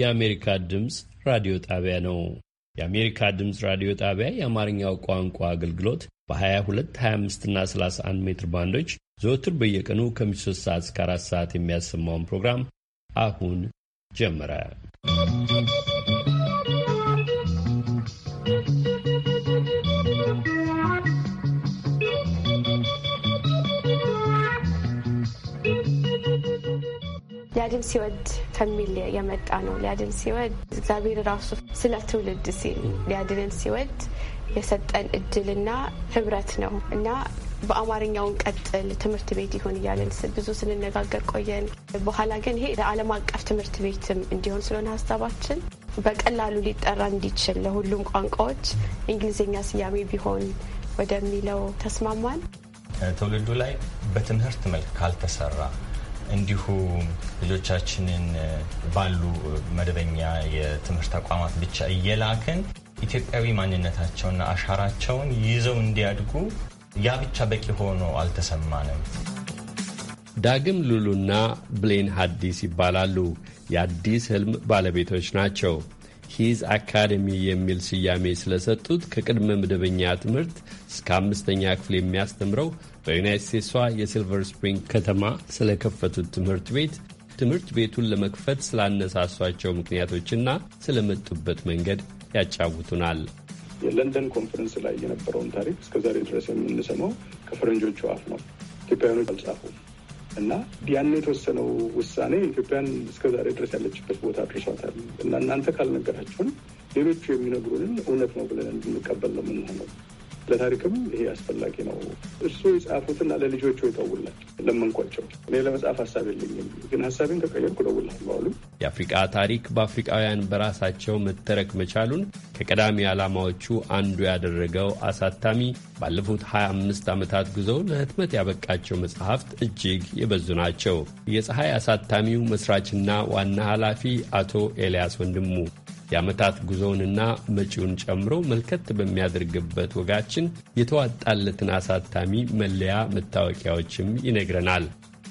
የአሜሪካ ድምፅ ራዲዮ ጣቢያ ነው። የአሜሪካ ድምፅ ራዲዮ ጣቢያ የአማርኛው ቋንቋ አገልግሎት በ22፣ 25ና 31 ሜትር ባንዶች ዘወትር በየቀኑ ከምሽቱ 3 ሰዓት እስከ 4 ሰዓት የሚያሰማውን ፕሮግራም አሁን ጀመረ። ሊያድን ሲወድ ከሚል የመጣ ነው። ሊያድን ሲወድ እግዚአብሔር ራሱ ስለ ትውልድ ሲል ሊያድንን ሲወድ የሰጠን እድልና ህብረት ነው እና በአማርኛውን ቀጥል ትምህርት ቤት ይሆን እያለን ብዙ ስንነጋገር ቆየን። በኋላ ግን ይሄ ለዓለም አቀፍ ትምህርት ቤትም እንዲሆን ስለሆነ ሀሳባችን በቀላሉ ሊጠራ እንዲችል ለሁሉም ቋንቋዎች እንግሊዝኛ ስያሜ ቢሆን ወደሚለው ተስማማን። ትውልዱ ላይ በትምህርት መልክ ካልተሰራ እንዲሁ ልጆቻችንን ባሉ መደበኛ የትምህርት ተቋማት ብቻ እየላክን ኢትዮጵያዊ ማንነታቸውና አሻራቸውን ይዘው እንዲያድጉ ያ ብቻ በቂ ሆኖ አልተሰማንም። ዳግም ሉሉና ብሌን ሀዲስ ይባላሉ። የአዲስ ህልም ባለቤቶች ናቸው። ሂዝ አካደሚ የሚል ስያሜ ስለሰጡት ከቅድመ መደበኛ ትምህርት እስከ አምስተኛ ክፍል የሚያስተምረው በዩናይት ስቴትሷ የሲልቨር ስፕሪንግ ከተማ ስለከፈቱት ትምህርት ቤት ትምህርት ቤቱን ለመክፈት ስላነሳሷቸው ምክንያቶችና ስለመጡበት መንገድ ያጫውቱናል። የለንደን ኮንፈረንስ ላይ የነበረውን ታሪክ እስከዛሬ ድረስ የምንሰማው ከፈረንጆቹ አፍ ነው። ኢትዮጵያውያኑ አልጻፉም እና ያን የተወሰነው ውሳኔ ኢትዮጵያን እስከዛሬ ድረስ ያለችበት ቦታ አድርሷታል እና እናንተ ካልነገራችሁን ሌሎቹ የሚነግሩንን እውነት ነው ብለን እንድንቀበል ነው የምንሆነው። ለታሪክም ይሄ አስፈላጊ ነው። እርሱ የጻፉትና ለልጆቹ ይተውላቸው ለመንኳቸው። እኔ ለመጽሐፍ ሀሳብ የለኝም፣ ግን ሀሳቤን ከቀየርኩ ደውላል አሉ። የአፍሪቃ ታሪክ በአፍሪቃውያን በራሳቸው መተረክ መቻሉን ከቀዳሚ ዓላማዎቹ አንዱ ያደረገው አሳታሚ ባለፉት 25 ዓመታት ጉዞ ለህትመት ያበቃቸው መጽሐፍት እጅግ የበዙ ናቸው። የፀሐይ አሳታሚው መስራችና ዋና ኃላፊ አቶ ኤልያስ ወንድሙ የዓመታት ጉዞውንና መጪውን ጨምሮ መልከት በሚያደርግበት ወጋችን የተዋጣለትን አሳታሚ መለያ መታወቂያዎችም ይነግረናል።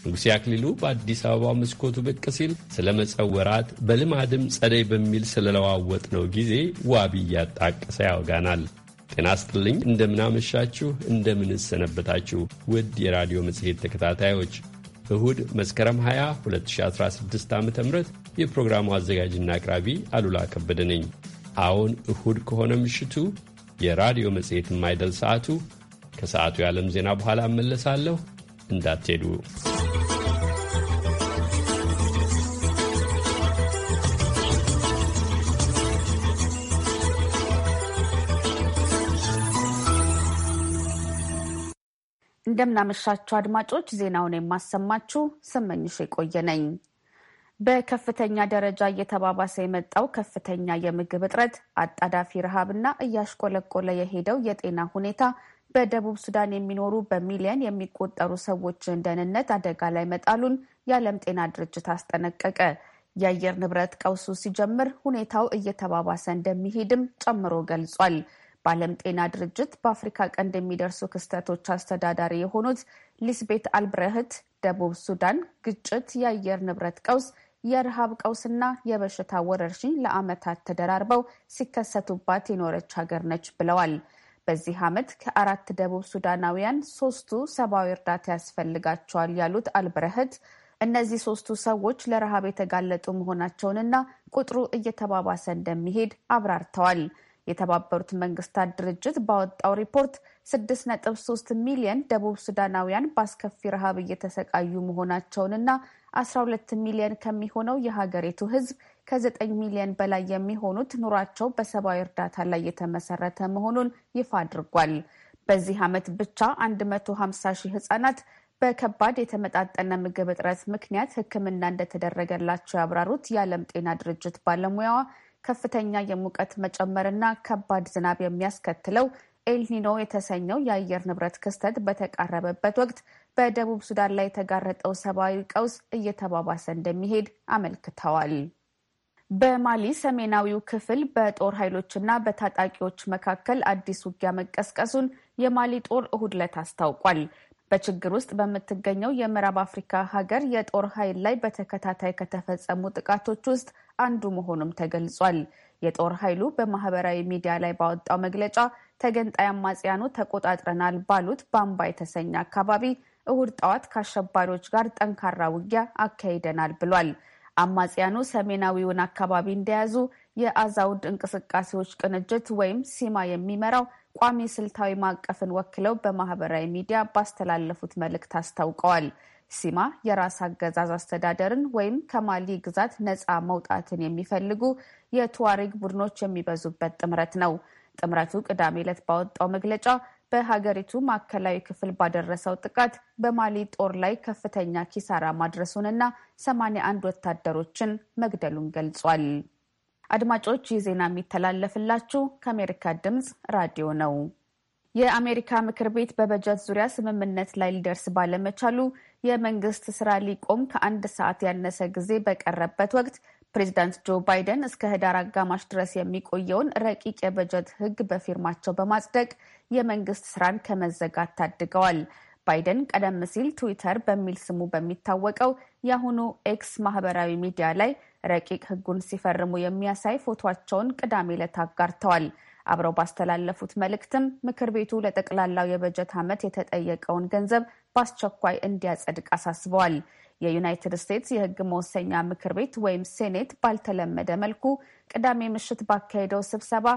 ንጉሴ አክሊሉ በአዲስ አበባ መስኮቱ ብቅ ሲል ስለ መጸው ወራት በልማድም ጸደይ በሚል ስለለዋወጥ ነው ጊዜ ዋቢ እያጣቀሰ ያወጋናል። ጤና ስጥልኝ፣ እንደምናመሻችሁ፣ እንደምንሰነበታችሁ ውድ የራዲዮ መጽሔት ተከታታዮች እሁድ መስከረም 20 2016 ዓ ም የፕሮግራሙ አዘጋጅና አቅራቢ አሉላ ከበደ ነኝ። አሁን እሁድ ከሆነ ምሽቱ የራዲዮ መጽሔት የማይደል ሰዓቱ ከሰዓቱ የዓለም ዜና በኋላ እመለሳለሁ። እንዳትሄዱ። እንደምናመሻችሁ አድማጮች፣ ዜናውን የማሰማችሁ ስመኝሽ የቆየ ነኝ። በከፍተኛ ደረጃ እየተባባሰ የመጣው ከፍተኛ የምግብ እጥረት፣ አጣዳፊ ረሃብና እያሽቆለቆለ የሄደው የጤና ሁኔታ በደቡብ ሱዳን የሚኖሩ በሚሊዮን የሚቆጠሩ ሰዎችን ደህንነት አደጋ ላይ መጣሉን የዓለም ጤና ድርጅት አስጠነቀቀ። የአየር ንብረት ቀውሱ ሲጀምር ሁኔታው እየተባባሰ እንደሚሄድም ጨምሮ ገልጿል። በዓለም ጤና ድርጅት በአፍሪካ ቀንድ የሚደርሱ ክስተቶች አስተዳዳሪ የሆኑት ሊስቤት አልብረህት ደቡብ ሱዳን ግጭት፣ የአየር ንብረት ቀውስ የረሃብ ቀውስና የበሽታ ወረርሽኝ ለዓመታት ተደራርበው ሲከሰቱባት የኖረች ሀገር ነች ብለዋል። በዚህ ዓመት ከአራት ደቡብ ሱዳናውያን ሶስቱ ሰብአዊ እርዳታ ያስፈልጋቸዋል ያሉት አልብረህት እነዚህ ሶስቱ ሰዎች ለረሃብ የተጋለጡ መሆናቸውንና ቁጥሩ እየተባባሰ እንደሚሄድ አብራርተዋል። የተባበሩት መንግስታት ድርጅት ባወጣው ሪፖርት 6.3 ሚሊዮን ደቡብ ሱዳናውያን በአስከፊ ረሃብ እየተሰቃዩ መሆናቸውንና 12 ሚሊዮን ከሚሆነው የሀገሪቱ ህዝብ ከ9 ሚሊዮን በላይ የሚሆኑት ኑሯቸው በሰብአዊ እርዳታ ላይ የተመሰረተ መሆኑን ይፋ አድርጓል። በዚህ ዓመት ብቻ 150 ሺህ ህጻናት በከባድ የተመጣጠነ ምግብ እጥረት ምክንያት ሕክምና እንደተደረገላቸው ያብራሩት የዓለም ጤና ድርጅት ባለሙያዋ ከፍተኛ የሙቀት መጨመርና ከባድ ዝናብ የሚያስከትለው ኤልኒኖ የተሰኘው የአየር ንብረት ክስተት በተቃረበበት ወቅት በደቡብ ሱዳን ላይ የተጋረጠው ሰብአዊ ቀውስ እየተባባሰ እንደሚሄድ አመልክተዋል። በማሊ ሰሜናዊው ክፍል በጦር ኃይሎችና በታጣቂዎች መካከል አዲስ ውጊያ መቀስቀሱን የማሊ ጦር እሁድ ዕለት አስታውቋል። በችግር ውስጥ በምትገኘው የምዕራብ አፍሪካ ሀገር የጦር ኃይል ላይ በተከታታይ ከተፈጸሙ ጥቃቶች ውስጥ አንዱ መሆኑም ተገልጿል። የጦር ኃይሉ በማህበራዊ ሚዲያ ላይ ባወጣው መግለጫ ተገንጣይ አማጽያኑ ተቆጣጥረናል ባሉት ባምባ የተሰኘ አካባቢ እሁድ ጠዋት ከአሸባሪዎች ጋር ጠንካራ ውጊያ አካሂደናል ብሏል። አማጽያኑ ሰሜናዊውን አካባቢ እንደያዙ የአዛውድ እንቅስቃሴዎች ቅንጅት ወይም ሲማ የሚመራው ቋሚ ስልታዊ ማዕቀፍን ወክለው በማህበራዊ ሚዲያ ባስተላለፉት መልእክት አስታውቀዋል። ሲማ የራስ አገዛዝ አስተዳደርን ወይም ከማሊ ግዛት ነፃ መውጣትን የሚፈልጉ የቱዋሬግ ቡድኖች የሚበዙበት ጥምረት ነው። ጥምረቱ ቅዳሜ ዕለት ባወጣው መግለጫ በሀገሪቱ ማዕከላዊ ክፍል ባደረሰው ጥቃት በማሊ ጦር ላይ ከፍተኛ ኪሳራ ማድረሱንና ሰማንያ ወታደሮችን መግደሉን ገልጿል። አድማጮች ይህ ዜና የሚተላለፍላችሁ ከአሜሪካ ድምፅ ራዲዮ ነው። የአሜሪካ ምክር ቤት በበጀት ዙሪያ ስምምነት ላይ ሊደርስ ባለመቻሉ የመንግስት ስራ ሊቆም ከአንድ ሰዓት ያነሰ ጊዜ በቀረበት ወቅት ፕሬዚዳንት ጆ ባይደን እስከ ህዳር አጋማሽ ድረስ የሚቆየውን ረቂቅ የበጀት ህግ በፊርማቸው በማጽደቅ የመንግስት ስራን ከመዘጋት ታድገዋል። ባይደን ቀደም ሲል ትዊተር በሚል ስሙ በሚታወቀው የአሁኑ ኤክስ ማህበራዊ ሚዲያ ላይ ረቂቅ ህጉን ሲፈርሙ የሚያሳይ ፎቶቸውን ቅዳሜ ዕለት አጋርተዋል። አብረው ባስተላለፉት መልእክትም ምክር ቤቱ ለጠቅላላው የበጀት ዓመት የተጠየቀውን ገንዘብ በአስቸኳይ እንዲያጸድቅ አሳስበዋል። የዩናይትድ ስቴትስ የሕግ መወሰኛ ምክር ቤት ወይም ሴኔት ባልተለመደ መልኩ ቅዳሜ ምሽት ባካሄደው ስብሰባ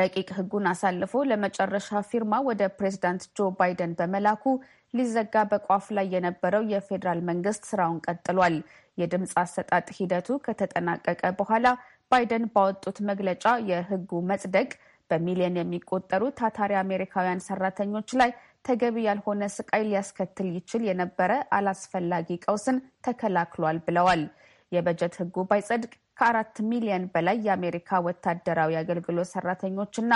ረቂቅ ሕጉን አሳልፎ ለመጨረሻ ፊርማ ወደ ፕሬዝዳንት ጆ ባይደን በመላኩ ሊዘጋ በቋፍ ላይ የነበረው የፌዴራል መንግስት ስራውን ቀጥሏል። የድምፅ አሰጣጥ ሂደቱ ከተጠናቀቀ በኋላ ባይደን ባወጡት መግለጫ የሕጉ መጽደቅ በሚሊዮን የሚቆጠሩ ታታሪ አሜሪካውያን ሰራተኞች ላይ ተገቢ ያልሆነ ስቃይ ሊያስከትል ይችል የነበረ አላስፈላጊ ቀውስን ተከላክሏል ብለዋል። የበጀት ሕጉ ባይጸድቅ ከአራት ሚሊዮን በላይ የአሜሪካ ወታደራዊ አገልግሎት ሰራተኞች እና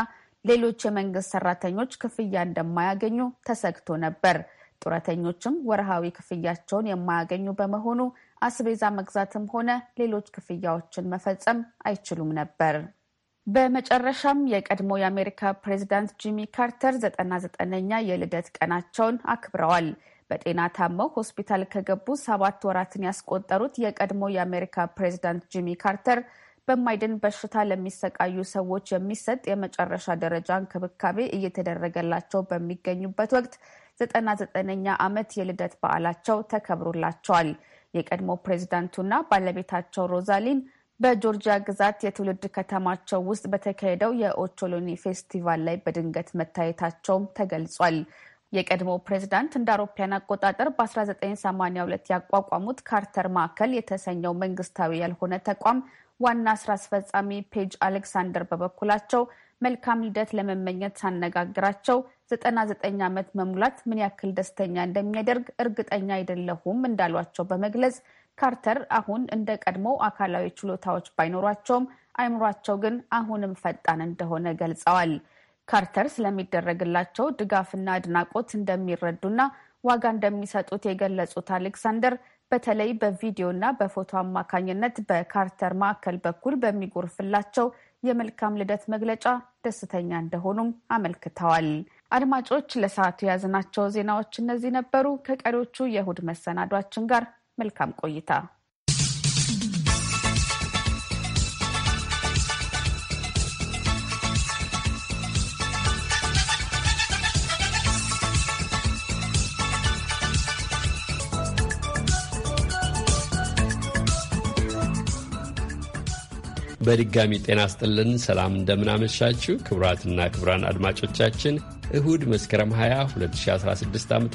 ሌሎች የመንግስት ሰራተኞች ክፍያ እንደማያገኙ ተሰግቶ ነበር። ጡረተኞችም ወርሃዊ ክፍያቸውን የማያገኙ በመሆኑ አስቤዛ መግዛትም ሆነ ሌሎች ክፍያዎችን መፈጸም አይችሉም ነበር። በመጨረሻም የቀድሞ የአሜሪካ ፕሬዚዳንት ጂሚ ካርተር ዘጠና ዘጠነኛ የልደት ቀናቸውን አክብረዋል። በጤና ታመው ሆስፒታል ከገቡ ሰባት ወራትን ያስቆጠሩት የቀድሞ የአሜሪካ ፕሬዚዳንት ጂሚ ካርተር በማይድን በሽታ ለሚሰቃዩ ሰዎች የሚሰጥ የመጨረሻ ደረጃ እንክብካቤ እየተደረገላቸው በሚገኙበት ወቅት ዘጠና ዘጠነኛ ዓመት የልደት በዓላቸው ተከብሮላቸዋል። የቀድሞ ፕሬዚዳንቱና ባለቤታቸው ሮዛሊን በጆርጂያ ግዛት የትውልድ ከተማቸው ውስጥ በተካሄደው የኦቾሎኒ ፌስቲቫል ላይ በድንገት መታየታቸውም ተገልጿል። የቀድሞ ፕሬዚዳንት እንደ አውሮፓያን አቆጣጠር በ1982 ያቋቋሙት ካርተር ማዕከል የተሰኘው መንግስታዊ ያልሆነ ተቋም ዋና ስራ አስፈጻሚ ፔጅ አሌክሳንደር በበኩላቸው መልካም ልደት ለመመኘት ሳነጋግራቸው 99 ዓመት መሙላት ምን ያክል ደስተኛ እንደሚያደርግ እርግጠኛ አይደለሁም እንዳሏቸው በመግለጽ ካርተር አሁን እንደ ቀድሞ አካላዊ ችሎታዎች ባይኖሯቸውም አይምሯቸው ግን አሁንም ፈጣን እንደሆነ ገልጸዋል። ካርተር ስለሚደረግላቸው ድጋፍና አድናቆት እንደሚረዱና ዋጋ እንደሚሰጡት የገለጹት አሌክሳንደር በተለይ በቪዲዮና በፎቶ አማካኝነት በካርተር ማዕከል በኩል በሚጎርፍላቸው የመልካም ልደት መግለጫ ደስተኛ እንደሆኑም አመልክተዋል። አድማጮች፣ ለሰዓቱ የያዝናቸው ዜናዎች እነዚህ ነበሩ። ከቀሪዎቹ የእሁድ መሰናዷችን ጋር መልካም ቆይታ። በድጋሚ ጤና ስጥልን። ሰላም እንደምናመሻችሁ ክቡራትና ክቡራን አድማጮቻችን እሁድ መስከረም 20 2016 ዓ ም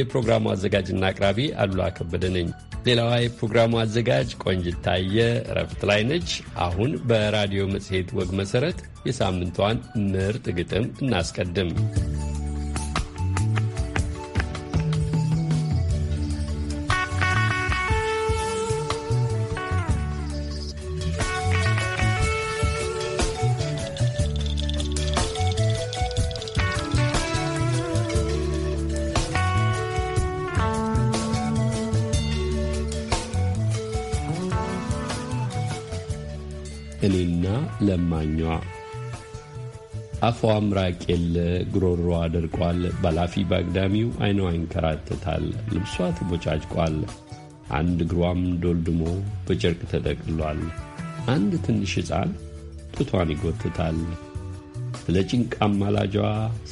የፕሮግራሙ አዘጋጅና አቅራቢ አሉላ ከበደ ነኝ። ሌላዋ የፕሮግራሙ አዘጋጅ ቆንጅት ታየ እረፍት ላይ ነች። አሁን በራዲዮ መጽሔት ወግ መሠረት የሳምንቷን ምርጥ ግጥም እናስቀድም። አፏም የለ ጉሮሮዋ ደርቋል። ባላፊ በአግዳሚው አይኗ ይንከራተታል። ልብሷ ተቦጫጭቋል። አንድ እግሯም ዶልድሞ በጨርቅ ተጠቅልሏል። አንድ ትንሽ ሕፃን ጡቷን ይጎትታል። ስለ ጭንቅ አማላጇ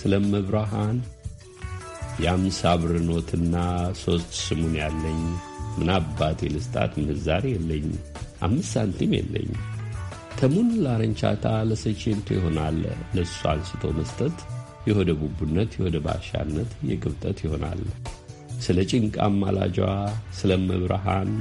ስለ መብርሃን የአምሳ ብር ኖትና ሦስት ስሙን ያለኝ ምናባቴ ልስጣት ምንዛሬ የለኝ፣ አምስት ሳንቲም የለኝ ተሙን ላረንቻታ ለሰቼንቶ ይሆናል ለእሱ አንስቶ መስጠት የሆደ ቡቡነት፣ የሆደ ባሻነት፣ የቅብጠት ይሆናል ስለ ጭንቃ አማላጇ ስለ መብርሃን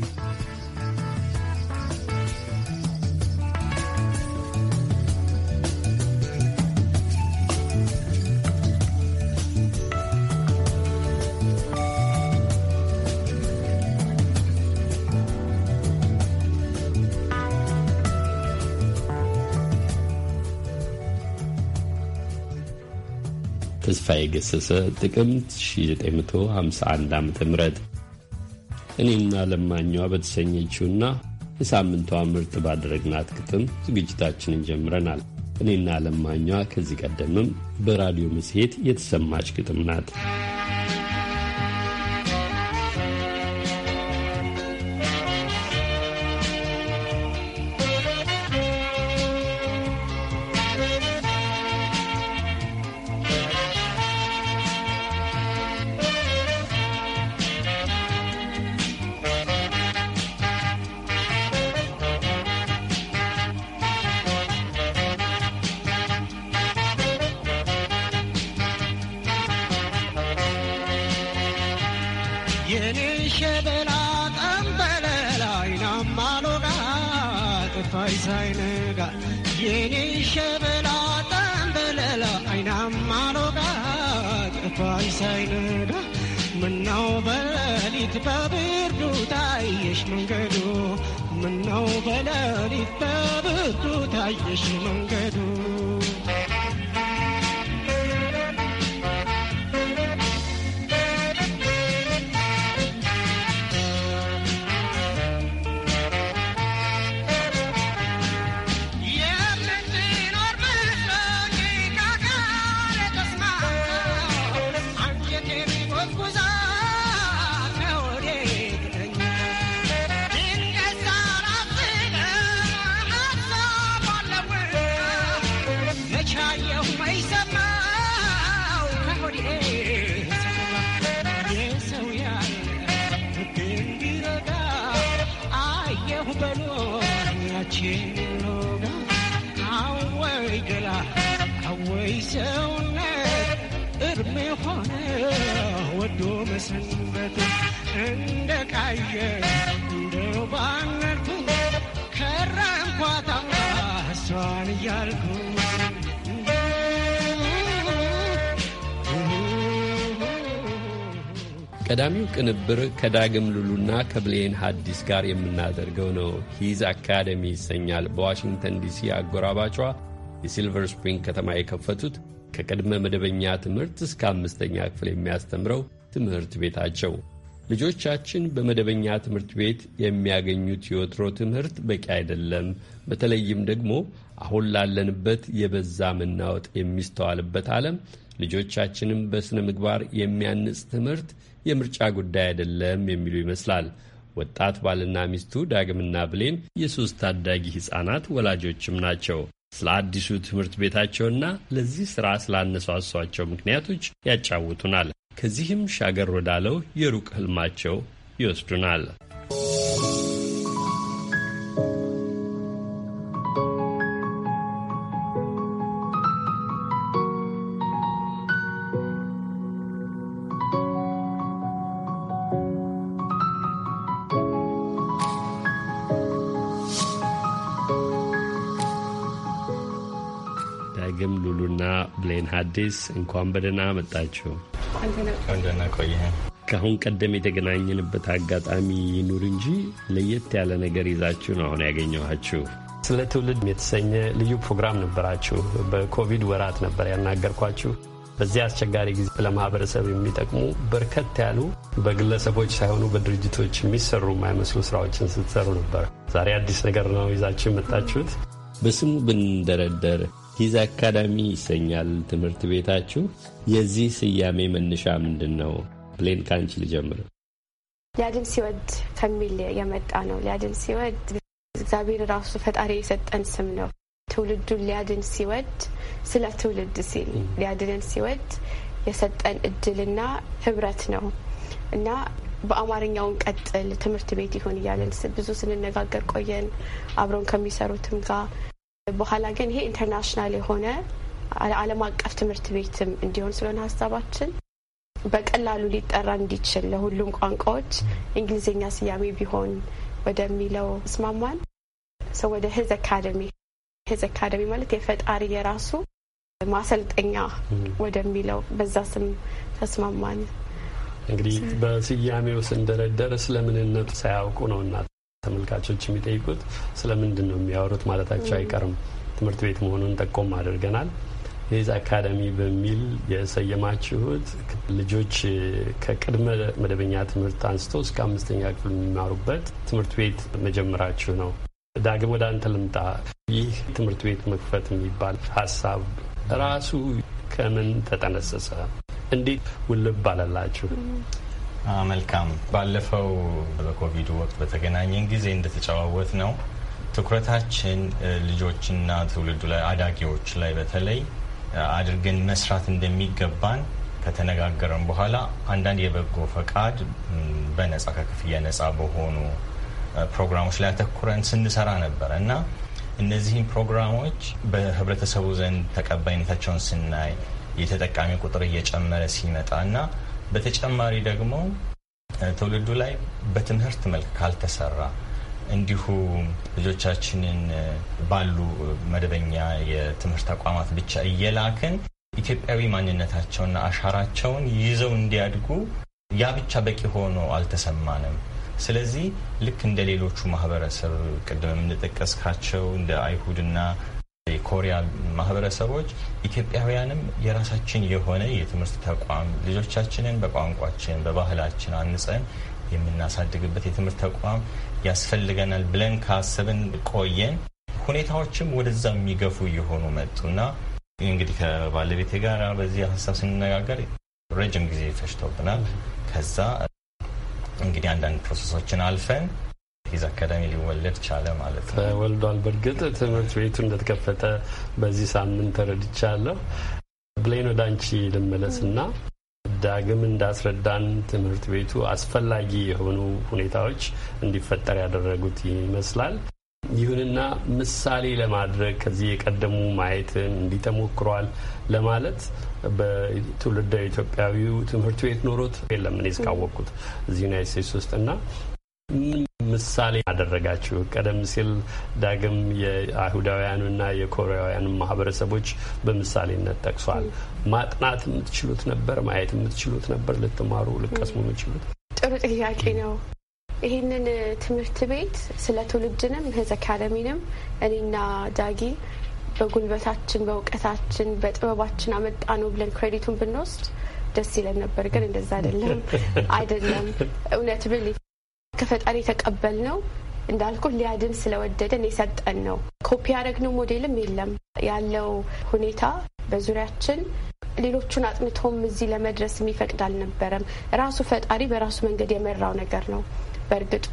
ካሳዬ ገሰሰ ጥቅምት 951 ዓ ም እኔና ለማኛዋ በተሰኘችውና የሳምንቷ ምርጥ ባደረግናት ግጥም ዝግጅታችንን ጀምረናል። እኔና ለማኛዋ ከዚህ ቀደምም በራዲዮ መጽሔት የተሰማች ግጥም ናት። ቀዳሚው ቅንብር ከዳግም ሉሉና ከብሌን ሀዲስ ጋር የምናደርገው ነው። ሂዝ አካደሚ ይሰኛል። በዋሽንግተን ዲሲ አጎራባቿ የሲልቨር ስፕሪንግ ከተማ የከፈቱት ከቅድመ መደበኛ ትምህርት እስከ አምስተኛ ክፍል የሚያስተምረው ትምህርት ቤታቸው ልጆቻችን በመደበኛ ትምህርት ቤት የሚያገኙት የወትሮ ትምህርት በቂ አይደለም፣ በተለይም ደግሞ አሁን ላለንበት የበዛ መናወጥ የሚስተዋልበት ዓለም ልጆቻችንም በሥነ ምግባር የሚያንጽ ትምህርት የምርጫ ጉዳይ አይደለም የሚሉ ይመስላል። ወጣት ባልና ሚስቱ ዳግምና ብሌን የሦስት ታዳጊ ሕፃናት ወላጆችም ናቸው። ስለ አዲሱ ትምህርት ቤታቸውና ለዚህ ሥራ ስላነሷሷቸው ምክንያቶች ያጫውቱናል። ከዚህም ሻገር ወዳለው የሩቅ ህልማቸው ይወስዱናል። ወይዘሪትን ሀዲስ እንኳን በደህና መጣችሁ። እንደና ቆየ። ከአሁን ቀደም የተገናኘንበት አጋጣሚ ይኑር እንጂ ለየት ያለ ነገር ይዛችሁ ነው አሁን ያገኘኋችሁ። ስለ ትውልድ የተሰኘ ልዩ ፕሮግራም ነበራችሁ። በኮቪድ ወራት ነበር ያናገርኳችሁ። በዚህ አስቸጋሪ ጊዜ ለማህበረሰብ የሚጠቅሙ በርከት ያሉ በግለሰቦች ሳይሆኑ በድርጅቶች የሚሰሩ የማይመስሉ ስራዎችን ስትሰሩ ነበር። ዛሬ አዲስ ነገር ነው ይዛችሁ የመጣችሁት። በስሙ ብንደረደር ጊዝ አካዳሚ ይሰኛል ትምህርት ቤታችሁ። የዚህ ስያሜ መነሻ ምንድን ነው? ብሌን ከአንቺ ልጀምር። ሊያድን ሲወድ ከሚል የመጣ ነው። ሊያድን ሲወድ እግዚአብሔር ራሱ ፈጣሪ የሰጠን ስም ነው። ትውልዱን ሊያድን ሲወድ ስለ ትውልድ ሲል ሊያድንን ሲወድ የሰጠን እድልና ህብረት ነው እና በአማርኛውን ቀጥል ትምህርት ቤት ይሁን እያለን ብዙ ስንነጋገር ቆየን አብረን ከሚሰሩትም ጋር በኋላ ግን ይሄ ኢንተርናሽናል የሆነ ዓለም አቀፍ ትምህርት ቤትም እንዲሆን ስለሆነ ሀሳባችን በቀላሉ ሊጠራ እንዲችል ለሁሉም ቋንቋዎች እንግሊዝኛ ስያሜ ቢሆን ወደሚለው እስማማን። ሰው ወደ ህዝ አካደሚ ህዝ አካደሚ ማለት የፈጣሪ የራሱ ማሰልጠኛ ወደሚለው በዛ ስም ተስማማን። እንግዲህ በስያሜው ስንደረደር ስለምንነቱ ሳያውቁ ነው እናት ተመልካቾች የሚጠይቁት ስለምንድን ነው የሚያወሩት ማለታቸው አይቀርም። ትምህርት ቤት መሆኑን ጠቆም አድርገናል። ሄዝ አካደሚ በሚል የሰየማችሁት ልጆች ከቅድመ መደበኛ ትምህርት አንስቶ እስከ አምስተኛ ክፍል የሚማሩበት ትምህርት ቤት መጀመራችሁ ነው። ዳግም ወደ አንተ ልምጣ። ይህ ትምህርት ቤት መክፈት የሚባል ሀሳብ ራሱ ከምን ተጠነሰሰ? እንዴት ውልብ አለላችሁ? መልካም። ባለፈው በኮቪድ ወቅት በተገናኘን ጊዜ እንደተጫዋወት ነው ትኩረታችን ልጆችና ትውልዱ ላይ አዳጊዎች ላይ በተለይ አድርገን መስራት እንደሚገባን ከተነጋገረን በኋላ አንዳንድ የበጎ ፈቃድ በነጻ ከክፍያ ነጻ በሆኑ ፕሮግራሞች ላይ አተኩረን ስንሰራ ነበር እና እነዚህም ፕሮግራሞች በህብረተሰቡ ዘንድ ተቀባይነታቸውን ስናይ የተጠቃሚ ቁጥር እየጨመረ ሲመጣ እና በተጨማሪ ደግሞ ትውልዱ ላይ በትምህርት መልክ ካልተሰራ እንዲሁ ልጆቻችንን ባሉ መደበኛ የትምህርት ተቋማት ብቻ እየላክን ኢትዮጵያዊ ማንነታቸውና አሻራቸውን ይዘው እንዲያድጉ ያ ብቻ በቂ ሆኖ አልተሰማንም። ስለዚህ ልክ እንደ ሌሎቹ ማህበረሰብ ቅድም የምንጠቀስካቸው እንደ አይሁድና የኮሪያ ማህበረሰቦች ኢትዮጵያውያንም የራሳችን የሆነ የትምህርት ተቋም ልጆቻችንን በቋንቋችን በባህላችን አንጸን የምናሳድግበት የትምህርት ተቋም ያስፈልገናል ብለን ካሰብን ቆየን። ሁኔታዎችም ወደዛ የሚገፉ እየሆኑ መጡና እንግዲህ ከባለቤቴ ጋር በዚህ ሀሳብ ስንነጋገር ረጅም ጊዜ ፈጅቶብናል። ከዛ እንግዲህ አንዳንድ ፕሮሰሶችን አልፈን ዲስአቢሊቲዝ አካዳሚ ሊወለድ ቻለ ማለት ነው። ተወልዷል። በእርግጥ ትምህርት ቤቱ እንደተከፈተ በዚህ ሳምንት ተረድቻለሁ። ብሌን ወደ አንቺ ልመለስ ና ዳግም እንዳስረዳን ትምህርት ቤቱ አስፈላጊ የሆኑ ሁኔታዎች እንዲፈጠር ያደረጉት ይመስላል። ይሁንና ምሳሌ ለማድረግ ከዚህ የቀደሙ ማየትን እንዲተሞክሯል ለማለት በትውልደ ኢትዮጵያዊው ትምህርት ቤት ኖሮት የለም እኔ እስካወቅኩት እዚህ ዩናይት ስቴትስ ውስጥ እና ምሳሌ አደረጋችሁ? ቀደም ሲል ዳግም የአይሁዳውያኑና የኮሪያውያኑ ማህበረሰቦች በምሳሌነት ጠቅሷል። ማጥናት የምትችሉት ነበር፣ ማየት የምትችሉት ነበር፣ ልትማሩ ልቀስሙ የምትችሉት። ጥሩ ጥያቄ ነው። ይህንን ትምህርት ቤት ስለ ትውልድንም ህዝ አካደሚንም እኔና ዳጊ በጉልበታችን በእውቀታችን በጥበባችን አመጣ ነው ብለን ክሬዲቱን ብንወስድ ደስ ይለን ነበር። ግን እንደዛ አይደለም አይደለም እውነት ብል ከፈጣሪ የተቀበል ነው እንዳልኩ ሊያድን ስለወደደን የሰጠን ነው። ኮፒ ያደረግነው ሞዴልም የለም። ያለው ሁኔታ በዙሪያችን ሌሎቹን አጥንቶም እዚህ ለመድረስ የሚፈቅድ አልነበረም። ራሱ ፈጣሪ በራሱ መንገድ የመራው ነገር ነው። በእርግጡ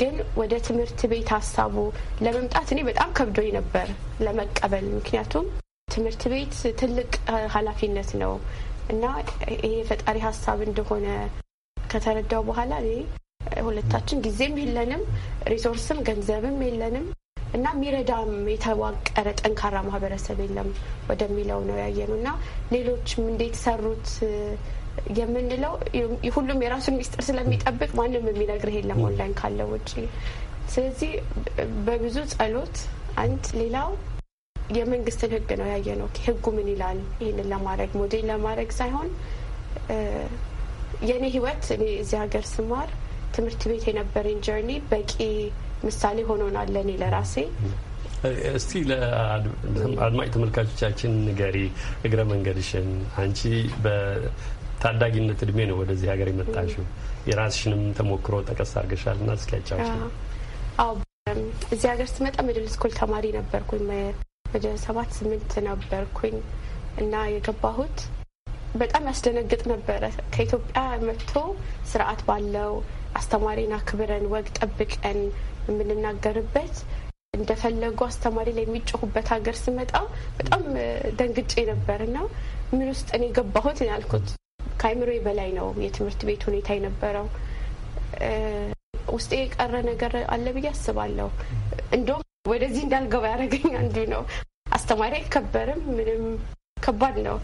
ግን ወደ ትምህርት ቤት ሀሳቡ ለመምጣት እኔ በጣም ከብዶኝ ነበር ለመቀበል። ምክንያቱም ትምህርት ቤት ትልቅ ኃላፊነት ነው እና ይሄ የፈጣሪ ሀሳብ እንደሆነ ከተረዳው በኋላ እኔ ሁለታችን ጊዜም የለንም፣ ሪሶርስም ገንዘብም የለንም እና የሚረዳም የተዋቀረ ጠንካራ ማህበረሰብ የለም ወደሚለው ነው ያየኑ እና ሌሎችም እንዴት ሰሩት የምንለው ሁሉም የራሱን ሚስጥር ስለሚጠብቅ ማንም የሚነግርህ የለም ኦንላይን ካለው ውጭ። ስለዚህ በብዙ ጸሎት፣ አንድ ሌላው የመንግስትን ህግ ነው ያየነው። ህጉ ምን ይላል? ይህንን ለማድረግ ሞዴል ለማድረግ ሳይሆን የእኔ ህይወት እኔ እዚህ ሀገር ስማር ትምህርት ቤት የነበረኝ ጀርኒ በቂ ምሳሌ ሆኖናል ለእኔ ለራሴ። እስቲ ለአድማጭ ተመልካቾቻችን ንገሪ እግረ መንገድሽን። አንቺ በታዳጊነት እድሜ ነው ወደዚህ ሀገር የመጣሽው። የራስሽንም ተሞክሮ ጠቀስ አድርገሻል እና እስኪ ያጫውሽ። እዚህ ሀገር ስመጣ ሚድል ስኩል ተማሪ ነበርኩኝ። ወደ ሰባት ስምንት ነበርኩኝ እና የገባሁት በጣም ያስደነግጥ ነበረ ከኢትዮጵያ መጥቶ ስርዓት ባለው አስተማሪን አክብረን ወግ ጠብቀን የምንናገርበት እንደፈለጉ አስተማሪ ላይ የሚጮሁበት ሀገር ስመጣ በጣም ደንግጬ ነበር እና ምን ውስጥ እኔ ገባሁት ያልኩት ከአይምሮ በላይ ነው የትምህርት ቤት ሁኔታ የነበረው። ውስጤ የቀረ ነገር አለ ብዬ አስባለሁ። እንደውም ወደዚህ እንዳልገባ ያደረገኝ አንዱ ነው። አስተማሪ አይከበርም፣ ምንም ከባድ ነው።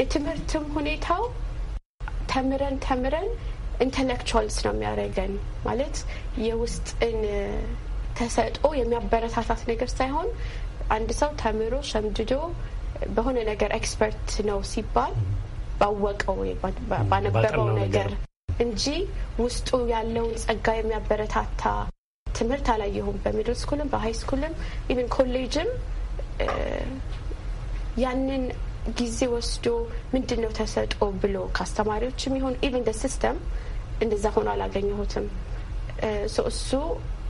የትምህርትም ሁኔታው ተምረን ተምረን ኢንተሌክቹዋልስ ነው የሚያደርገን ማለት የውስጥን ተሰጥኦ የሚያበረታታት ነገር ሳይሆን አንድ ሰው ተምሮ ሸምድዶ በሆነ ነገር ኤክስፐርት ነው ሲባል ባወቀው ባነበበው ነገር እንጂ ውስጡ ያለውን ጸጋ የሚያበረታታ ትምህርት አላየሁም። በሚድል ስኩልም በሀይ ስኩልም ኢቨን ኮሌጅም ያንን ጊዜ ወስዶ ምንድን ነው ተሰጥኦ ብሎ ከአስተማሪዎችም ይሆን ኢቨን ደ ሲስተም እንደዛ ሆኖ አላገኘሁትም። እሱ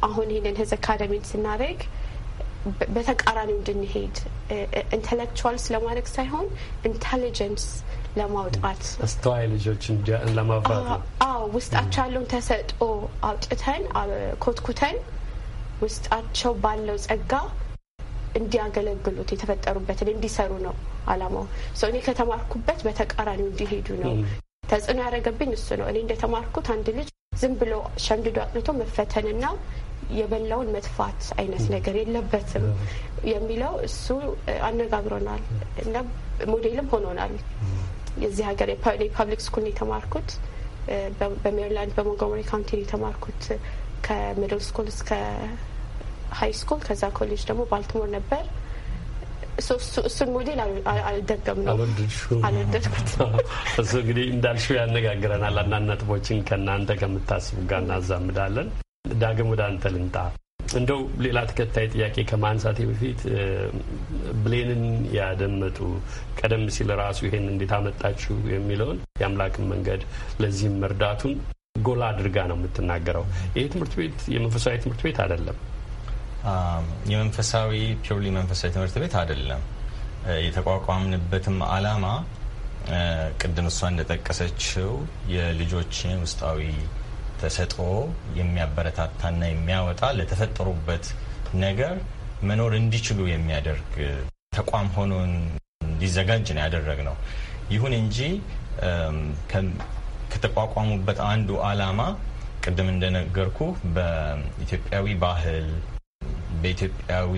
አሁን ይህንን ህዝ አካደሚን ስናደርግ በተቃራኒው እንድንሄድ ኢንተሌክቹዋል ስለማድረግ ሳይሆን ኢንቴሊጀንስ ለማውጣት አስተዋይ ልጆች ለማፍራት ነው። ውስጣቸው ያለውን ተሰጥኦ አውጥተን ኮትኩተን ውስጣቸው ባለው ጸጋ እንዲያገለግሉት የተፈጠሩበትን እንዲሰሩ ነው አላማው። እኔ ከተማርኩበት በተቃራኒው እንዲሄዱ ነው ተጽዕኖ ያደረገብኝ እሱ ነው። እኔ እንደተማርኩት አንድ ልጅ ዝም ብሎ ሸምድዶ አጥንቶ መፈተንና የበላውን መጥፋት አይነት ነገር የለበትም የሚለው እሱ አነጋግሮናል እና ሞዴልም ሆኖናል። የዚህ ሀገር የፓብሊክ ስኩል ነው የተማርኩት። በሜሪላንድ በሞንጎመሪ ካውንቲ ነው የተማርኩት ከሚድል ስኩል እስከ ሀይ ስኩል። ከዛ ኮሌጅ ደግሞ ባልትሞር ነበር እሱን ሞዴል አልደገም ነው አልወደድኩት። እሱ እንግዲህ እንዳልሽው ያነጋግረናል። አንዳንድ ነጥቦችን ከእናንተ ከምታስቡ ጋር እናዛምዳለን። ዳግም ወደ አንተ ልምጣ። እንደው ሌላ ተከታይ ጥያቄ ከማንሳቴ በፊት ብሌንን ያደመጡ ቀደም ሲል ራሱ ይሄን እንዴት አመጣችሁ የሚለውን የአምላክን መንገድ ለዚህም መርዳቱን ጎላ አድርጋ ነው የምትናገረው። ይሄ ትምህርት ቤት የመንፈሳዊ ትምህርት ቤት አይደለም። የመንፈሳዊ ፒውርሊ መንፈሳዊ ትምህርት ቤት አይደለም። የተቋቋምንበትም አላማ ቅድም እሷ እንደጠቀሰችው የልጆችን ውስጣዊ ተሰጥኦ የሚያበረታታና የሚያወጣ ለተፈጠሩበት ነገር መኖር እንዲችሉ የሚያደርግ ተቋም ሆኖ እንዲዘጋጅ ነው ያደረግነው። ይሁን እንጂ ከተቋቋሙበት አንዱ አላማ ቅድም እንደነገርኩ በኢትዮጵያዊ ባህል በኢትዮጵያዊ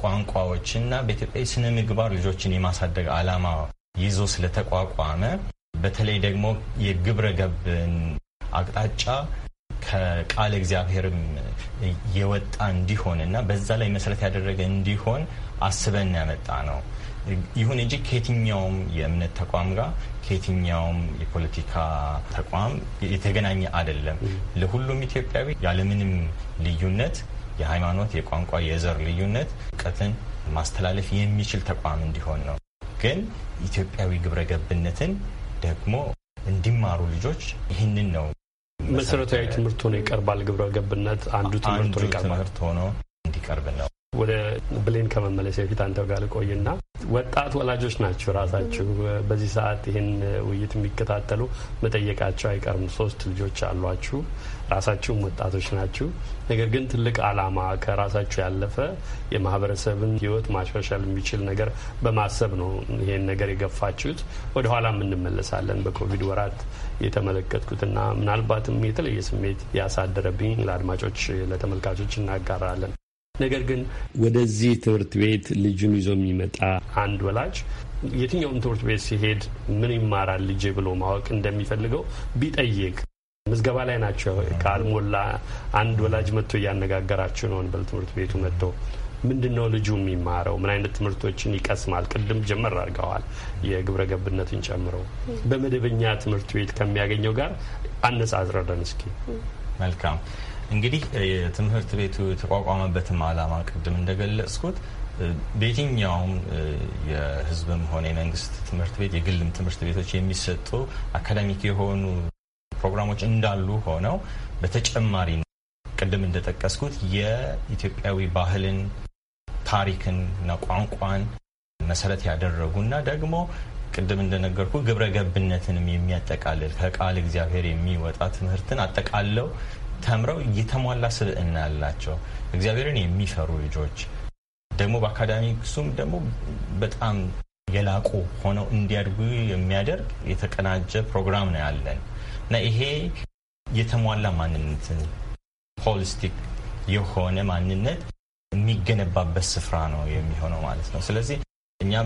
ቋንቋዎችና በኢትዮጵያዊ ስነ ምግባር ልጆችን የማሳደግ ዓላማ ይዞ ስለተቋቋመ በተለይ ደግሞ የግብረ ገብን አቅጣጫ ከቃል እግዚአብሔርም የወጣ እንዲሆን እና በዛ ላይ መሰረት ያደረገ እንዲሆን አስበን ያመጣ ነው። ይሁን እንጂ ከየትኛውም የእምነት ተቋም ጋር ከየትኛውም የፖለቲካ ተቋም የተገናኘ አይደለም። ለሁሉም ኢትዮጵያዊ ያለምንም ልዩነት የሃይማኖት፣ የቋንቋ፣ የዘር ልዩነት እውቀትን ማስተላለፍ የሚችል ተቋም እንዲሆን ነው። ግን ኢትዮጵያዊ ግብረ ገብነትን ደግሞ እንዲማሩ ልጆች ይህንን ነው መሰረታዊ ትምህርት ሆኖ ይቀርባል። ግብረ ገብነት አንዱ ትምህርት ሆኖ እንዲቀርብ ነው። ወደ ብሌን ከመመለስ በፊት አንተው ጋር ልቆይና ወጣት ወላጆች ናቸው ራሳችሁ በዚህ ሰዓት ይህን ውይይት የሚከታተሉ መጠየቃቸው አይቀርም። ሶስት ልጆች አሏችሁ። ራሳችሁም ወጣቶች ናችሁ። ነገር ግን ትልቅ ዓላማ ከራሳችሁ ያለፈ የማህበረሰብን ህይወት ማሻሻል የሚችል ነገር በማሰብ ነው ይሄን ነገር የገፋችሁት። ኋላም እንመለሳለን። በኮቪድ ወራት የተመለከትኩትና ምናልባትም የተለየ ስሜት ያሳደረብኝ ለአድማጮች ለተመልካቾች እናጋራለን። ነገር ግን ወደዚህ ትምህርት ቤት ልጁን ይዞ የሚመጣ አንድ ወላጅ የትኛውም ትምህርት ቤት ሲሄድ ምን ይማራል ልጄ ብሎ ማወቅ እንደሚፈልገው ቢጠይቅ ምዝገባ ላይ ናቸው። ካልሞላ አንድ ወላጅ መጥቶ እያነጋገራችሁ ነው እንበል። ትምህርት ቤቱ መጥቶ ምንድን ነው ልጁ የሚማረው? ምን አይነት ትምህርቶችን ይቀስማል? ቅድም ጀመር አድርገዋል፣ የግብረ ገብነትን ጨምሮ በመደበኛ ትምህርት ቤት ከሚያገኘው ጋር አነጻጽረን እስኪ። መልካም እንግዲህ የትምህርት ቤቱ የተቋቋመበትም ዓላማ ቅድም እንደገለጽኩት በየትኛውም የሕዝብም ሆነ የመንግስት ትምህርት ቤት የግልም ትምህርት ቤቶች የሚሰጡ አካዳሚክ የሆኑ ፕሮግራሞች እንዳሉ ሆነው በተጨማሪ ቅድም እንደጠቀስኩት የኢትዮጵያዊ ባህልን ታሪክን እና ቋንቋን መሰረት ያደረጉ እና ደግሞ ቅድም እንደነገርኩ ግብረ ገብነትንም የሚያጠቃልል ከቃል እግዚአብሔር የሚወጣ ትምህርትን አጠቃለው ተምረው የተሟላ ስብዕና ያላቸው እግዚአብሔርን የሚፈሩ ልጆች ደግሞ በአካዳሚክሱም ደግሞ በጣም የላቁ ሆነው እንዲያድጉ የሚያደርግ የተቀናጀ ፕሮግራም ነው ያለን። እና ይሄ የተሟላ ማንነትን ሆሊስቲክ የሆነ ማንነት የሚገነባበት ስፍራ ነው የሚሆነው ማለት ነው። ስለዚህ እኛ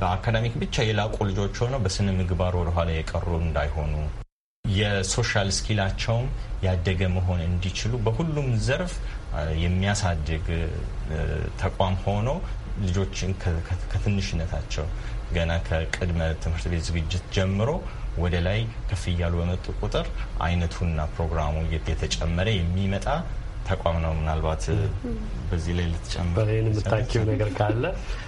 በአካዳሚክ ብቻ የላቁ ልጆች ሆነው በስነ ምግባር ወደኋላ የቀሩ እንዳይሆኑ የሶሻል ስኪላቸውም ያደገ መሆን እንዲችሉ በሁሉም ዘርፍ የሚያሳድግ ተቋም ሆኖ ልጆችን ከትንሽነታቸው ገና ከቅድመ ትምህርት ቤት ዝግጅት ጀምሮ ወደ ላይ ከፍ እያሉ በመጡ ቁጥር አይነቱና ፕሮግራሙ የተጨመረ የሚመጣ ተቋም ነው። ምናልባት በዚህ ላይ ልትጨምር የምታኪው ነገር ካለ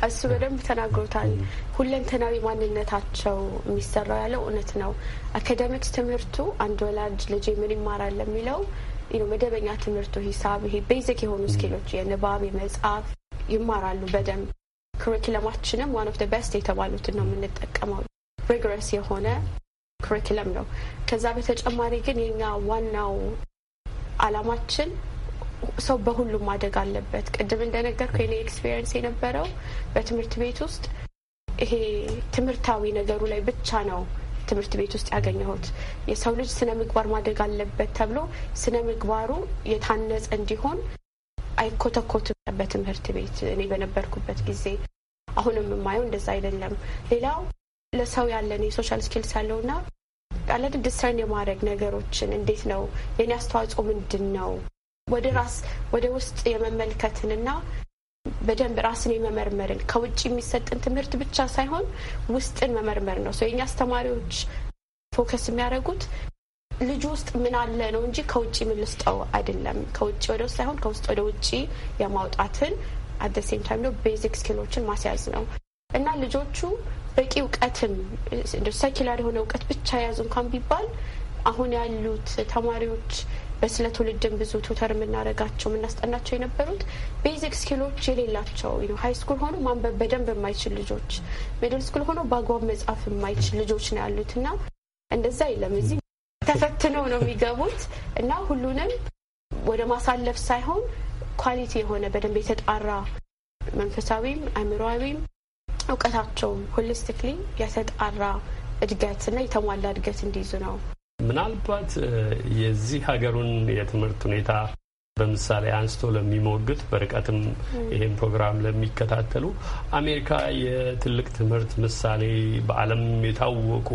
እሱ በደንብ ተናግሮታል። ሁለንተናዊ ማንነታቸው የሚሰራው ያለው እውነት ነው። አካዳሚክስ ትምህርቱ አንድ ወላጅ ልጅ ምን ይማራል ለሚለው መደበኛ ትምህርቱ ሂሳብ፣ ይሄ ቤዚክ የሆኑ ስኪሎች የንባብ የመጽሐፍ ይማራሉ በደንብ ክሪኪለማችንም ዋን ኦፍ ደ ቤስት የተባሉትን ነው የምንጠቀመው ሪግረስ የሆነ ኩሪክለም ነው። ከዛ በተጨማሪ ግን የኛ ዋናው አላማችን ሰው በሁሉም ማደግ አለበት። ቅድም እንደነገርኩ የኔ ኤክስፔሪንስ የነበረው በትምህርት ቤት ውስጥ ይሄ ትምህርታዊ ነገሩ ላይ ብቻ ነው ትምህርት ቤት ውስጥ ያገኘሁት። የሰው ልጅ ስነ ምግባር ማደግ አለበት ተብሎ ስነ ምግባሩ የታነጸ እንዲሆን አይኮተኮትም በትምህርት ቤት እኔ በነበርኩበት ጊዜ። አሁንም የማየው እንደዛ አይደለም። ሌላው ለሰው ያለን የሶሻል ስኪልስ ያለው ና አለድ ዲስተርን የማድረግ ነገሮችን እንዴት ነው የኔ አስተዋጽኦ ምንድን ነው ወደ ራስ ወደ ውስጥ የመመልከትን ና በደንብ ራስን የመመርመርን ከውጭ የሚሰጥን ትምህርት ብቻ ሳይሆን ውስጥን መመርመር ነው። የኛ አስተማሪዎች ፎከስ የሚያደርጉት ልጁ ውስጥ ምን አለ ነው እንጂ ከውጭ ምን ልስጠው አይደለም። ከውጭ ወደ ውስጥ ሳይሆን ከውስጥ ወደ ውጭ የማውጣትን አደሴም ታይም ቤዚክ ስኪሎችን ማስያዝ ነው እና ልጆቹ በቂ እውቀትም ሰኪላር የሆነ እውቀት ብቻ ያዙ እንኳን ቢባል አሁን ያሉት ተማሪዎች በስለ ትውልድን ብዙ ቱተር የምናደርጋቸው የምናስጠናቸው የነበሩት ቤዚክ ስኪሎች የሌላቸው ሀይ ስኩል ሆኖ ማንበብ በደንብ የማይችል ልጆች፣ ሚድል ስኩል ሆኖ በአግባብ መጻፍ የማይችል ልጆች ነው ያሉት እና እንደዛ የለም እዚህ ተፈትነው ነው የሚገቡት እና ሁሉንም ወደ ማሳለፍ ሳይሆን ኳሊቲ የሆነ በደንብ የተጣራ መንፈሳዊም አእምሮዊም እውቀታቸው ሆሊስቲክሊ የተጣራ እድገትና የተሟላ እድገት እንዲይዙ ነው። ምናልባት የዚህ ሀገሩን የትምህርት ሁኔታ በምሳሌ አንስቶ ለሚሞግት በርቀትም ይህን ፕሮግራም ለሚከታተሉ አሜሪካ የትልቅ ትምህርት ምሳሌ በዓለም የታወቁ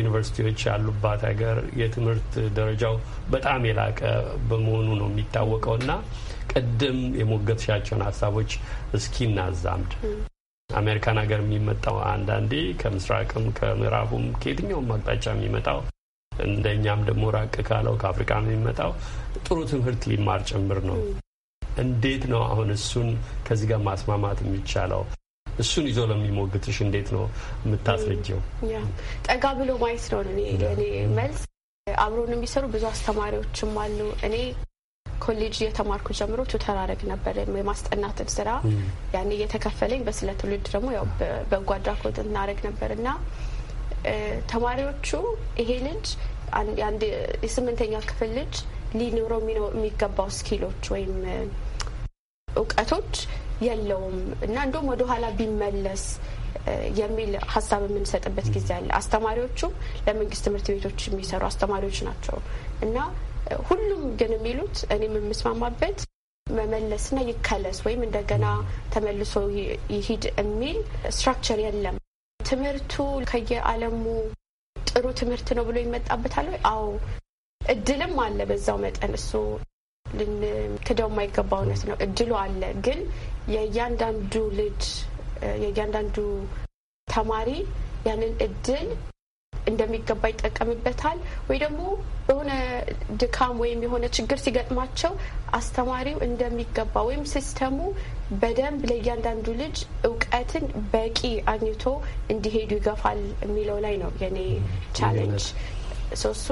ዩኒቨርሲቲዎች ያሉባት ሀገር የትምህርት ደረጃው በጣም የላቀ በመሆኑ ነው የሚታወቀው እና ቅድም የሞገትሻቸውን ሀሳቦች እስኪ እናዛምድ። አሜሪካን ሀገር የሚመጣው አንዳንዴ ከምስራቅም ከምዕራቡም ከየትኛውም አቅጣጫ የሚመጣው እንደኛም ደግሞ ራቅ ካለው ከአፍሪካ የሚመጣው ጥሩ ትምህርት ሊማር ጭምር ነው። እንዴት ነው አሁን እሱን ከዚህ ጋር ማስማማት የሚቻለው? እሱን ይዞ ለሚሞግትሽ እንዴት ነው የምታስረጀው? ጠጋ ብሎ ማየት ነው እኔ መልስ። አብሮን የሚሰሩ ብዙ አስተማሪዎችም አሉ እኔ ኮሌጅ እየተማርኩ ጀምሮ ቱተር አረግ ነበር የማስጠናትን ስራ ያኔ እየተከፈለኝ በስለ ትውልድ ደግሞ ያው በጎ አድራጎት እናደረግ ነበር እና ተማሪዎቹ ይሄ ልጅ አንድ የስምንተኛ ክፍል ልጅ ሊኖረው የሚገባው ስኪሎች ወይም እውቀቶች የለውም እና እንዲሁም ወደኋላ ቢመለስ የሚል ሀሳብ የምንሰጥበት ጊዜ አለ። አስተማሪዎቹም ለመንግስት ትምህርት ቤቶች የሚሰሩ አስተማሪዎች ናቸው እና ሁሉም ግን የሚሉት እኔም የምስማማበት መመለስና ይከለስ ወይም እንደገና ተመልሶ ይሂድ የሚል ስትራክቸር የለም። ትምህርቱ ከየዓለሙ ጥሩ ትምህርት ነው ብሎ ይመጣበታል ወይ? አዎ፣ እድልም አለ በዛው መጠን እሱ ልንክደው የማይገባ እውነት ነው። እድሉ አለ። ግን የእያንዳንዱ ልጅ የእያንዳንዱ ተማሪ ያንን እድል እንደሚገባ ይጠቀምበታል ወይ ደግሞ በሆነ ድካም ወይም የሆነ ችግር ሲገጥማቸው አስተማሪው እንደሚገባ ወይም ሲስተሙ በደንብ ለእያንዳንዱ ልጅ እውቀትን በቂ አግኝቶ እንዲሄዱ ይገፋል የሚለው ላይ ነው የኔ ቻሌንጅ። ሶሱ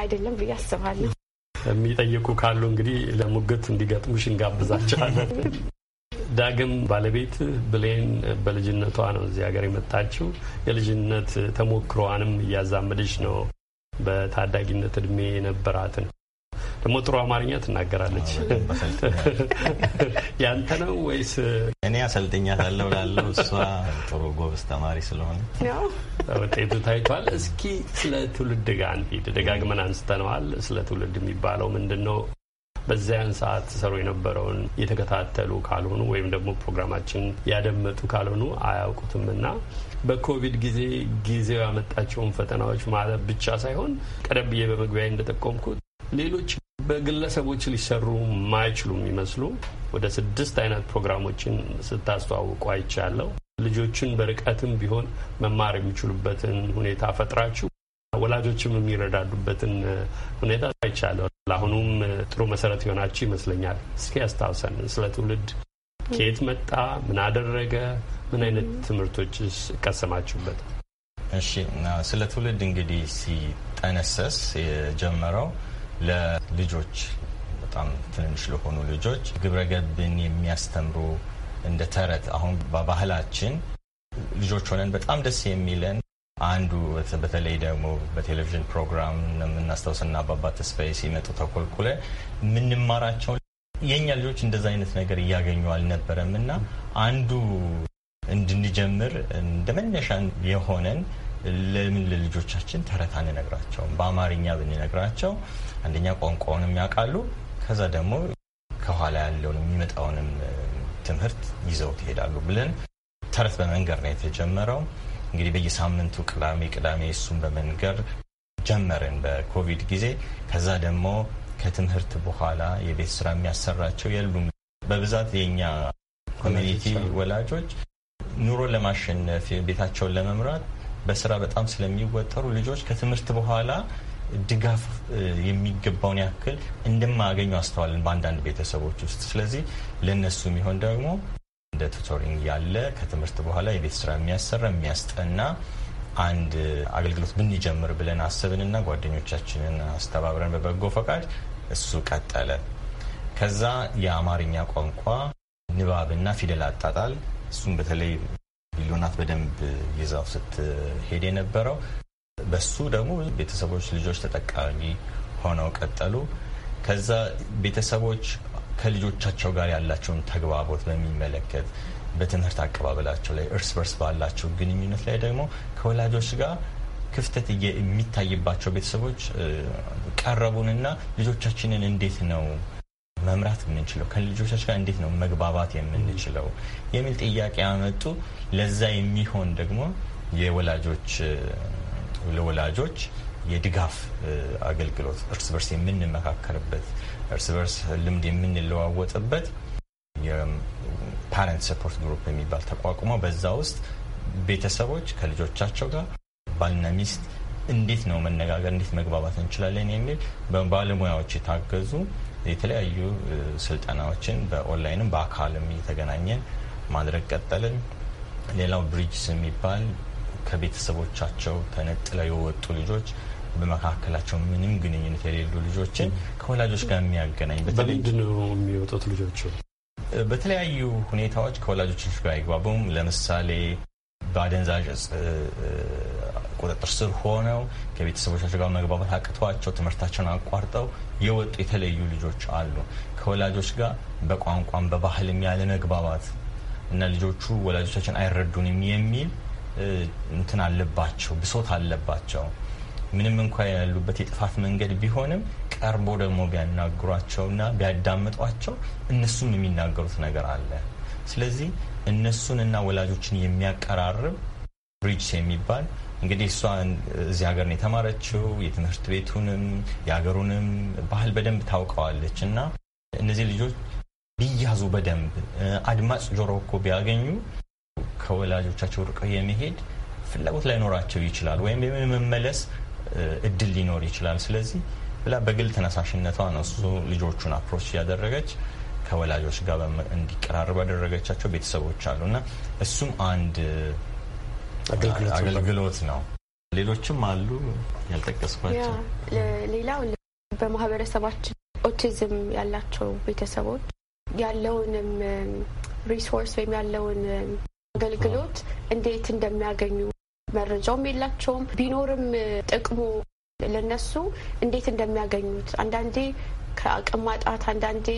አይደለም ብዬ አስባለሁ። የሚጠይቁ ካሉ እንግዲህ ለሙግት እንዲገጥሙሽ እንጋብዛቸዋለን። ዳግም ባለቤት ብሌን በልጅነቷ ነው እዚህ ሀገር የመጣችው። የልጅነት ተሞክሮዋንም እያዛመደች ነው በታዳጊነት እድሜ የነበራትን ደግሞ ጥሩ አማርኛ ትናገራለች። ያንተ ነው ወይስ እኔ አሰልጥኛታለሁ ላለው እሷ ጥሩ ጎበዝ ተማሪ ስለሆነ ውጤቱ ታይቷል። እስኪ ስለ ትውልድ ጋር እንሂድ። ደጋግመን አንስተነዋል። ስለ ትውልድ የሚባለው ምንድን ነው? በዚያን ሰዓት ሰሩ የነበረውን የተከታተሉ ካልሆኑ ወይም ደግሞ ፕሮግራማችን ያደመጡ ካልሆኑ አያውቁትም በኮቪድ ጊዜ ጊዜው ያመጣቸውን ፈተናዎች ማለት ብቻ ሳይሆን ቀደም ብዬ በመግቢያ እንደጠቆምኩት ሌሎች በግለሰቦች ሊሰሩ ማይችሉ የሚመስሉ ወደ ስድስት አይነት ፕሮግራሞችን ስታስተዋውቁ አይቻለሁ። ልጆችን በርቀትም ቢሆን መማር የሚችሉበትን ሁኔታ ፈጥራችሁ ወላጆችም የሚረዳዱበትን ሁኔታ አይቻለሁ። ለአሁኑም ጥሩ መሰረት የሆናችሁ ይመስለኛል። እስኪ ያስታውሰን ስለ ትውልድ ከየት መጣ? ምን አደረገ? ምን አይነት ትምህርቶችስ ቀሰማችሁበት? እሺ ስለ ትውልድ እንግዲህ ሲጠነሰስ የጀመረው ለልጆች በጣም ትንንሽ ለሆኑ ልጆች ግብረገብን የሚያስተምሩ እንደ ተረት አሁን በባህላችን ልጆች ሆነን በጣም ደስ የሚለን አንዱ በተለይ ደግሞ በቴሌቪዥን ፕሮግራም የምናስታውሰና አባባ ተስፋዬ ሲመጡ ተኮልኩለ የምንማራቸውን የእኛ ልጆች እንደዛ አይነት ነገር እያገኙ አልነበረም እና አንዱ እንድንጀምር እንደ መነሻ የሆነን ለምን ለልጆቻችን ተረት አንነግራቸውም? በአማርኛ ብንነግራቸው አንደኛ ቋንቋውንም ያውቃሉ፣ ከዛ ደግሞ ከኋላ ያለውን የሚመጣውንም ትምህርት ይዘው ትሄዳሉ ብለን ተረት በመንገድ ነው የተጀመረው። እንግዲህ በየሳምንቱ ቅዳሜ ቅዳሜ እሱን በመንገር ጀመርን በኮቪድ ጊዜ። ከዛ ደግሞ ከትምህርት በኋላ የቤት ስራ የሚያሰራቸው የሉም። በብዛት የኛ ኮሚኒቲ ወላጆች ኑሮ ለማሸነፍ ቤታቸውን ለመምራት በስራ በጣም ስለሚወጠሩ ልጆች ከትምህርት በኋላ ድጋፍ የሚገባውን ያክል እንደማያገኙ አስተዋልን በአንዳንድ ቤተሰቦች ውስጥ። ስለዚህ ለእነሱ የሚሆን ደግሞ እንደ ቱቶሪንግ ያለ ከትምህርት በኋላ የቤት ስራ የሚያሰራ የሚያስጠና አንድ አገልግሎት ብንጀምር ብለን አስብንና ጓደኞቻችንን አስተባብረን በበጎ ፈቃድ እሱ ቀጠለ። ከዛ የአማርኛ ቋንቋ ንባብና ፊደል አጣጣል እሱም በተለይ ቢሊዮናት በደንብ ይዛው ስትሄድ የነበረው በሱ ደግሞ ቤተሰቦች ልጆች ተጠቃሚ ሆነው ቀጠሉ። ከዛ ቤተሰቦች ከልጆቻቸው ጋር ያላቸውን ተግባቦት በሚመለከት በትምህርት አቀባበላቸው ላይ እርስ በርስ ባላቸው ግንኙነት ላይ ደግሞ ከወላጆች ጋር ክፍተት የሚታይባቸው ቤተሰቦች ቀረቡንና ልጆቻችንን እንዴት ነው መምራት የምንችለው ከልጆቻችን ጋር እንዴት ነው መግባባት የምንችለው የሚል ጥያቄ ያመጡ። ለዛ የሚሆን ደግሞ የወላጆች ለወላጆች የድጋፍ አገልግሎት እርስ በርስ የምንመካከርበት እርስ በርስ ልምድ የምንለዋወጥበት የፓረንት ሰፖርት ግሩፕ የሚባል ተቋቁሞ በዛ ውስጥ ቤተሰቦች ከልጆቻቸው ጋር ባልና ሚስት እንዴት ነው መነጋገር፣ እንዴት መግባባት እንችላለን የሚል በባለሙያዎች የታገዙ የተለያዩ ስልጠናዎችን በኦንላይንም በአካልም እየተገናኘን ማድረግ ቀጠልን። ሌላው ብሪጅስ የሚባል ከቤተሰቦቻቸው ተነጥለው የወጡ ልጆች በመካከላቸው ምንም ግንኙነት የሌሉ ልጆችን ከወላጆች ጋር የሚያገናኝ በምንድን ነው የሚወጡት? ልጆቹ በተለያዩ ሁኔታዎች ከወላጆች ጋር አይግባቡም። ለምሳሌ በአደንዛዥ ቁጥጥር ስር ሆነው ከቤተሰቦቻቸው ጋር መግባባት አቅቷቸው ትምህርታቸውን አቋርጠው የወጡ የተለዩ ልጆች አሉ። ከወላጆች ጋር በቋንቋም በባህልም ያለ መግባባት እና ልጆቹ ወላጆቻችን አይረዱንም የሚል እንትን አለባቸው፣ ብሶት አለባቸው። ምንም እንኳ ያሉበት የጥፋት መንገድ ቢሆንም ቀርቦ ደግሞ ቢያናግሯቸውና ቢያዳምጧቸው እነሱም የሚናገሩት ነገር አለ። ስለዚህ እነሱንና ወላጆችን የሚያቀራርብ ብሪጅስ የሚባል እንግዲህ እሷ እዚህ ሀገር ነው የተማረችው። የትምህርት ቤቱንም የሀገሩንም ባህል በደንብ ታውቀዋለች እና እነዚህ ልጆች ቢያዙ በደንብ አድማጭ ጆሮ እኮ ቢያገኙ ከወላጆቻቸው ርቀው የመሄድ ፍላጎት ላይኖራቸው ይችላል ወይም የመመለስ እድል ሊኖር ይችላል። ስለዚህ ብላ በግል ተነሳሽነቷ ነው እሱ ልጆቹን አፕሮች እያደረገች ከወላጆች ጋር እንዲቀራርብ ያደረገቻቸው ቤተሰቦች አሉ እና እሱም አንድ አገልግሎት ነው። ሌሎችም አሉ ያልጠቀስኳቸው። ሌላው በማህበረሰባችን ኦቲዝም ያላቸው ቤተሰቦች ያለውንም ሪሶርስ ወይም ያለውን አገልግሎት እንዴት እንደሚያገኙ መረጃውም የላቸውም። ቢኖርም ጥቅሙ ለነሱ እንዴት እንደሚያገኙት አንዳንዴ ከአቅም ማጣት፣ አንዳንዴ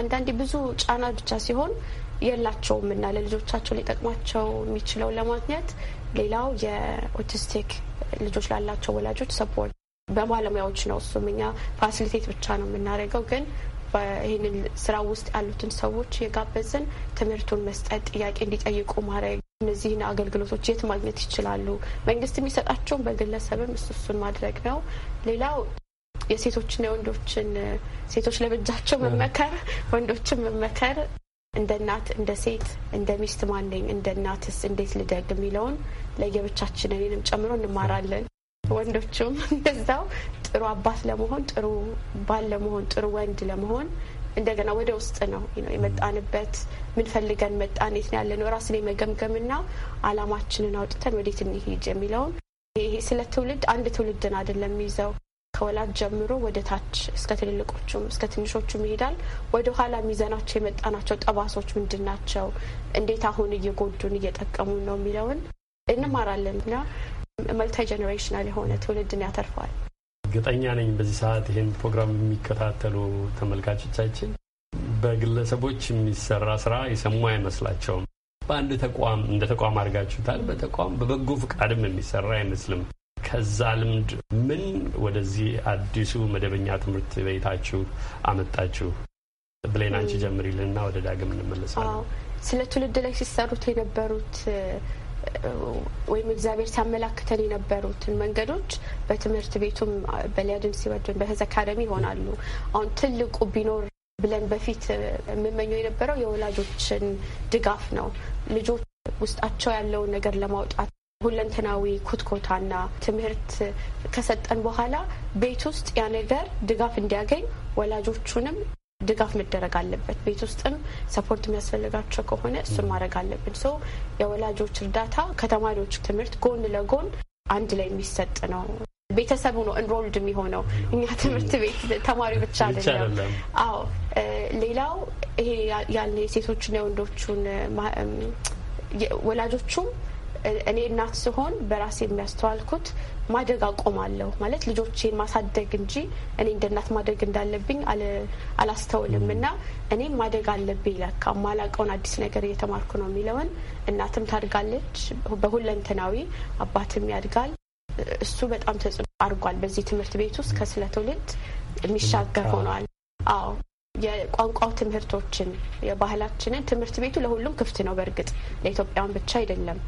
አንዳንዴ ብዙ ጫና ብቻ ሲሆን የላቸውም እና ለልጆቻቸው ሊጠቅማቸው የሚችለው ለማግኘት ሌላው የኦቲስቲክ ልጆች ላላቸው ወላጆች ሰፖርት በባለሙያዎች ነው። እሱም እኛ ፋሲሊቴት ብቻ ነው የምናደርገው ግን ይህንን ስራ ውስጥ ያሉትን ሰዎች የጋበዝን ትምህርቱን መስጠት፣ ጥያቄ እንዲጠይቁ ማድረግ እነዚህን አገልግሎቶች የት ማግኘት ይችላሉ፣ መንግስት የሚሰጣቸውን በግለሰብም እሱሱን ማድረግ ነው። ሌላው የሴቶችና የወንዶችን ሴቶች ለብጃቸው መመከር፣ ወንዶችን መመከር እንደ እናት እንደ ሴት እንደ ሚስት ማነኝ እንደ እናትስ እንዴት ልደግ የሚለውን ለየብቻችን እኔንም ጨምሮ እንማራለን። ወንዶቹም እንደዛው ጥሩ አባት ለመሆን ጥሩ ባል ለመሆን ጥሩ ወንድ ለመሆን እንደገና ወደ ውስጥ ነው የመጣንበት። ምን ፈልገን መጣን? የት ነው ያለነው? ራስን የመገምገምና አላማችንን አውጥተን ወዴት እንሄድ የሚለውን ይሄ ስለ ትውልድ አንድ ትውልድን አይደለም ይዘው ከወላጅ ጀምሮ ወደ ታች እስከ ትልልቆቹም እስከ ትንሾቹም ይሄዳል። ወደ ኋላ ይዘናቸው የመጣናቸው ጠባሶች ምንድን ናቸው? እንዴት አሁን እየጎዱን እየጠቀሙን ነው የሚለውን እንማራለንና መልታይ ጀኔሬሽናል የሆነ ትውልድን ያተርፈዋል። እርግጠኛ ነኝ በዚህ ሰዓት ይህን ፕሮግራም የሚከታተሉ ተመልካቾቻችን በግለሰቦች የሚሰራ ስራ የሰሙ አይመስላቸውም። በአንድ ተቋም እንደ ተቋም አድርጋችሁታል። በተቋም በበጎ ፈቃድም የሚሰራ አይመስልም። ከዛ ልምድ ምን ወደዚህ አዲሱ መደበኛ ትምህርት ቤታችሁ አመጣችሁ? ብሌን አንቺ ጀምሪልን እና ወደ ዳግም እንመለሳለን። ስለ ትውልድ ላይ ሲሰሩት የነበሩት ወይም እግዚአብሔር ሲያመላክተን የነበሩትን መንገዶች በትምህርት ቤቱም በሊያድን ሲወድን በህዝ አካደሚ ይሆናሉ። አሁን ትልቁ ቢኖር ብለን በፊት የምመኘው የነበረው የወላጆችን ድጋፍ ነው። ልጆች ውስጣቸው ያለውን ነገር ለማውጣት ሁለንተናዊ ኩትኮታና ትምህርት ከሰጠን በኋላ ቤት ውስጥ ያ ነገር ድጋፍ እንዲያገኝ ወላጆቹንም ድጋፍ መደረግ አለበት። ቤት ውስጥም ሰፖርት የሚያስፈልጋቸው ከሆነ እሱን ማድረግ አለብን። ሶ የወላጆች እርዳታ ከተማሪዎች ትምህርት ጎን ለጎን አንድ ላይ የሚሰጥ ነው። ቤተሰቡ ነው እንሮልድ የሚሆነው እኛ ትምህርት ቤት ተማሪ ብቻ አይደለም። አዎ ሌላው ይሄ ያለ የሴቶችና የወንዶቹን ወላጆቹም እኔ እናት ስሆን በራሴ የሚያስተዋልኩት ማደግ አቆማለሁ ማለት ልጆቼን ማሳደግ እንጂ እኔ እንደ እናት ማደግ እንዳለብኝ አላስተውልም እና እኔም ማደግ አለብኝ ለካ ማላቀውን አዲስ ነገር እየተማርኩ ነው የሚለውን እናትም ታድጋለች፣ በሁለንተናዊ አባትም ያድጋል። እሱ በጣም ተጽዕኖ አድርጓል። በዚህ ትምህርት ቤት ውስጥ ከስለ ትውልድ የሚሻገር ሆኗል። አዎ የቋንቋው ትምህርቶችን የባህላችንን ትምህርት ቤቱ ለሁሉም ክፍት ነው። በእርግጥ ለኢትዮጵያውያን ብቻ አይደለም።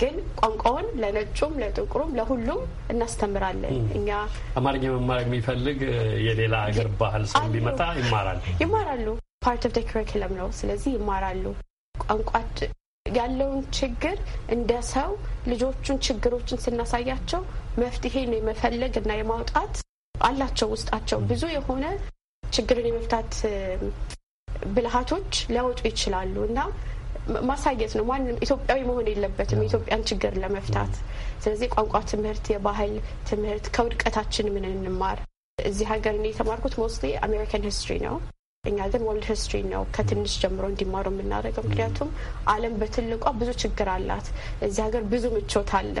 ግን ቋንቋውን ለነጩም ለጥቁሩም ለሁሉም እናስተምራለን። እኛ አማርኛ መማር የሚፈልግ የሌላ ሀገር ባህል ሰው ቢመጣ ይማራል ይማራሉ። ፓርት ኦፍ ከሪኩለም ነው። ስለዚህ ይማራሉ ቋንቋ ያለውን ችግር እንደ ሰው ልጆቹን ችግሮችን ስናሳያቸው መፍትሄን የመፈለግ እና የማውጣት አላቸው ውስጣቸው ብዙ የሆነ ችግርን የመፍታት ብልሃቶች ሊያወጡ ይችላሉ እና ማሳየት ነው። ማንም ኢትዮጵያዊ መሆን የለበትም የኢትዮጵያን ችግር ለመፍታት። ስለዚህ የቋንቋ ትምህርት፣ የባህል ትምህርት ከውድቀታችን ምን እንማር። እዚህ ሀገር እኔ የተማርኩት ሞስሊ አሜሪካን ሂስትሪ ነው። እኛ ግን ወርልድ ሂስትሪ ነው ከትንሽ ጀምሮ እንዲማሩ የምናደርገው። ምክንያቱም ዓለም በትልቋ ብዙ ችግር አላት። እዚህ ሀገር ብዙ ምቾት አለ።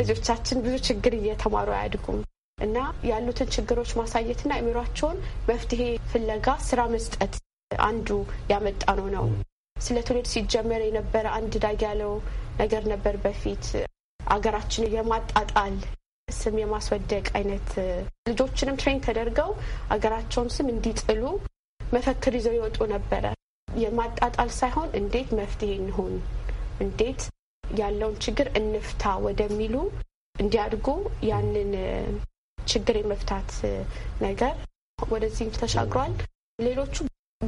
ልጆቻችን ብዙ ችግር እየተማሩ አያድጉም እና ያሉትን ችግሮች ማሳየትና አእምሯቸውን መፍትሄ ፍለጋ ስራ መስጠት አንዱ ያመጣ ነው ነው ስለ ትውልድ ሲጀመር የነበረ አንድ ዳግ ያለው ነገር ነበር። በፊት አገራችን የማጣጣል ስም የማስወደቅ አይነት ልጆችንም ትሬን ተደርገው አገራቸውን ስም እንዲጥሉ መፈክር ይዘው ይወጡ ነበረ። የማጣጣል ሳይሆን እንዴት መፍትሄ እንሆን፣ እንዴት ያለውን ችግር እንፍታ ወደሚሉ እንዲያድጉ ያንን ችግር የመፍታት ነገር ወደዚህም ተሻግሯል። ሌሎቹ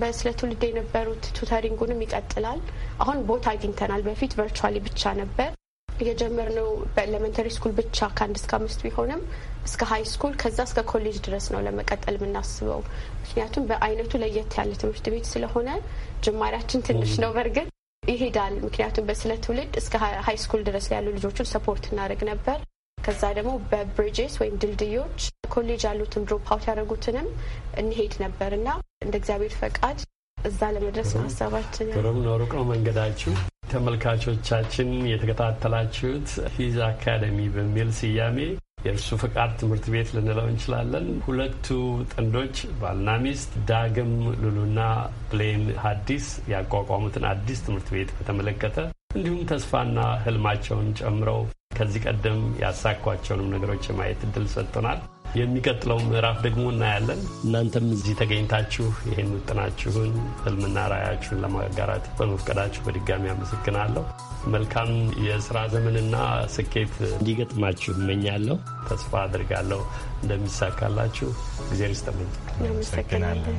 በስለ ትውልድ የነበሩት ቱተሪንጉንም ይቀጥላል። አሁን ቦታ አግኝተናል። በፊት ቨርቹዋሊ ብቻ ነበር የጀመርነው በኤሌመንተሪ ስኩል ብቻ ከአንድ እስከ አምስት ቢሆንም እስከ ሀይ ስኩል ከዛ እስከ ኮሌጅ ድረስ ነው ለመቀጠል የምናስበው። ምክንያቱም በአይነቱ ለየት ያለ ትምህርት ቤት ስለሆነ ጅማሪያችን ትንሽ ነው፣ በእርግጥ ይሄዳል። ምክንያቱም በስለ ትውልድ እስከ ሀይ ስኩል ድረስ ያሉ ልጆቹን ሰፖርት እናደርግ ነበር። ከዛ ደግሞ በብሪጅስ ወይም ድልድዮች ኮሌጅ ያሉትን ድሮፕ አውት ያደረጉትንም እንሄድ ነበር እና እንደ እግዚአብሔር ፈቃድ እዛ ለመድረስ ማሰባችን ግሩም ነው። ሩቅ ነው መንገዳችሁ። ተመልካቾቻችን የተከታተላችሁት ሂዝ አካደሚ በሚል ስያሜ የእርሱ ፍቃድ ትምህርት ቤት ልንለው እንችላለን። ሁለቱ ጥንዶች ባልና ሚስት ዳግም ሉሉና ብሌን ሀዲስ ያቋቋሙትን አዲስ ትምህርት ቤት በተመለከተ እንዲሁም ተስፋና ህልማቸውን ጨምረው ከዚህ ቀደም ያሳኳቸውንም ነገሮች የማየት እድል ሰጥቶናል። የሚቀጥለው ምዕራፍ ደግሞ እናያለን። እናንተም እዚህ ተገኝታችሁ ይህን ውጥናችሁን ህልምና ራያችሁን ለማጋራት በመፍቀዳችሁ በድጋሚ አመሰግናለሁ። መልካም የስራ ዘመንና ስኬት እንዲገጥማችሁ እመኛለሁ። ተስፋ አድርጋለሁ እንደሚሳካላችሁ። እግዜር ይስጥልኝ። አመሰግናለሁ።